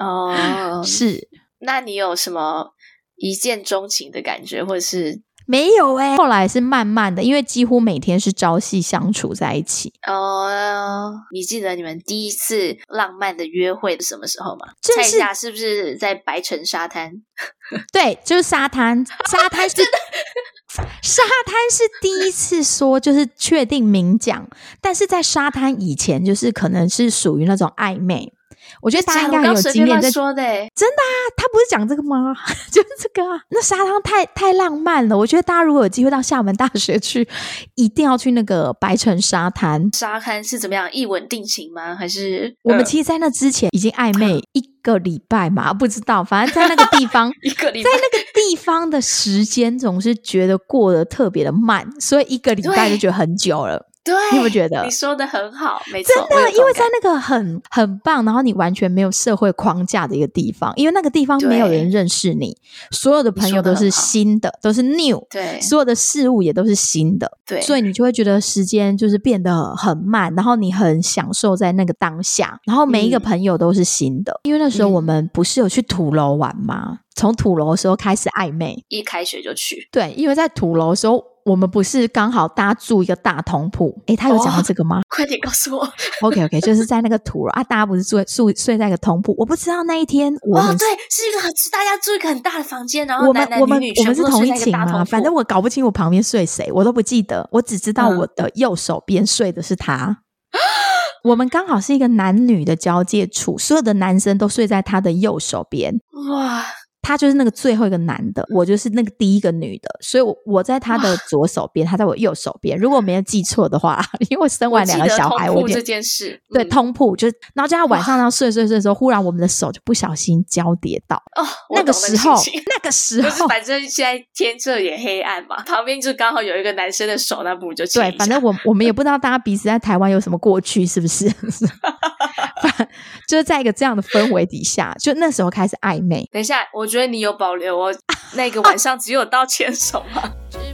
哦。Oh, 是，那你有什麼一見鍾情的感覺，或者是沒有誒、欸、後來是慢慢的，因為幾乎每天是朝夕相處在一起。哦，你記得你們第一次浪漫的約會是什麼時候嗎？就是、猜一下，是不是在白城沙灘？對，就是沙灘，沙灘是。 <laughs> 真的沙灘是第一次說，就是確定明講，但是在沙灘以前，就是可能是屬於那種曖昧。我覺得大家應該很有經驗在的我隨便說的，欸，真的啊，他不是講這個嗎？ <laughs> 就是這個啊，那沙灘太，太浪漫了。我覺得大家如果有機會到廈門大學去，一定要去那個白城沙灘。沙灘是怎麼樣一吻定情嗎？還是我們其實，在那之前已經曖昧一個禮拜嘛？嗯、不知道，反正在那個地方 <laughs> 一個禮拜在那個地方的時間，總是覺得過得特別的慢，所以一個禮拜就覺得很久了。對，你有不覺得？你說得很好，沒錯。真的，因為在那個很很棒，然後你完全沒有社會框架的一個地方，因為那個地方沒有人認識你，所有的朋友都是新的，都是 new，對，所有的事物也都是新的，對，所以你就會覺得時間就是變得很慢，然後你很享受在那個當下，然後每一個朋友都是新的，因為那時候我們不是有去土樓玩嗎？從土樓的時候開始曖昧，一開學就去，對，因為在土樓的時候。我們不是剛好大家住一個大通鋪？哎、欸，他有講到這個嗎？哦、快點告訴我。 <laughs> OK OK，就是在那個土樓啊，大家不是住睡睡在一個通鋪？我不知道那一天我。哇、哦，對，是一個很大家住一個很大的房間，然後男男女女我們女女我，我們是同一寢嗎？反正我搞不清我旁邊睡誰，我都不記得。我只知道我的右手邊睡的是他。嗯、 <laughs> 我們剛好是一個男女的交界處，所有的男生都睡在他的右手邊。哇。他就是那個最後一個男的，我就是那個第一個女的，所以我在他的左手邊，哇他在我右手邊。如果我沒有記錯的話，因為我生完兩個小孩，我記得通鋪這件事，嗯、對通鋪，就是然後就在晚上要哇睡睡睡的時候，忽然我們的手就不小心交疊到哦，那個時候那個時候，時候是反正現在天色也黑暗嘛，旁邊就剛好有一個男生的手，那不如就對，反正我我們也不知道大家彼此在台灣有什麼過去，是不是？是不是 <laughs> <laughs> 就是在一個這樣的氛圍底下，就那時候開始曖昧。等一下，我。所以你有保留。哦，我那個晚上只有到牽手嘛。 <laughs>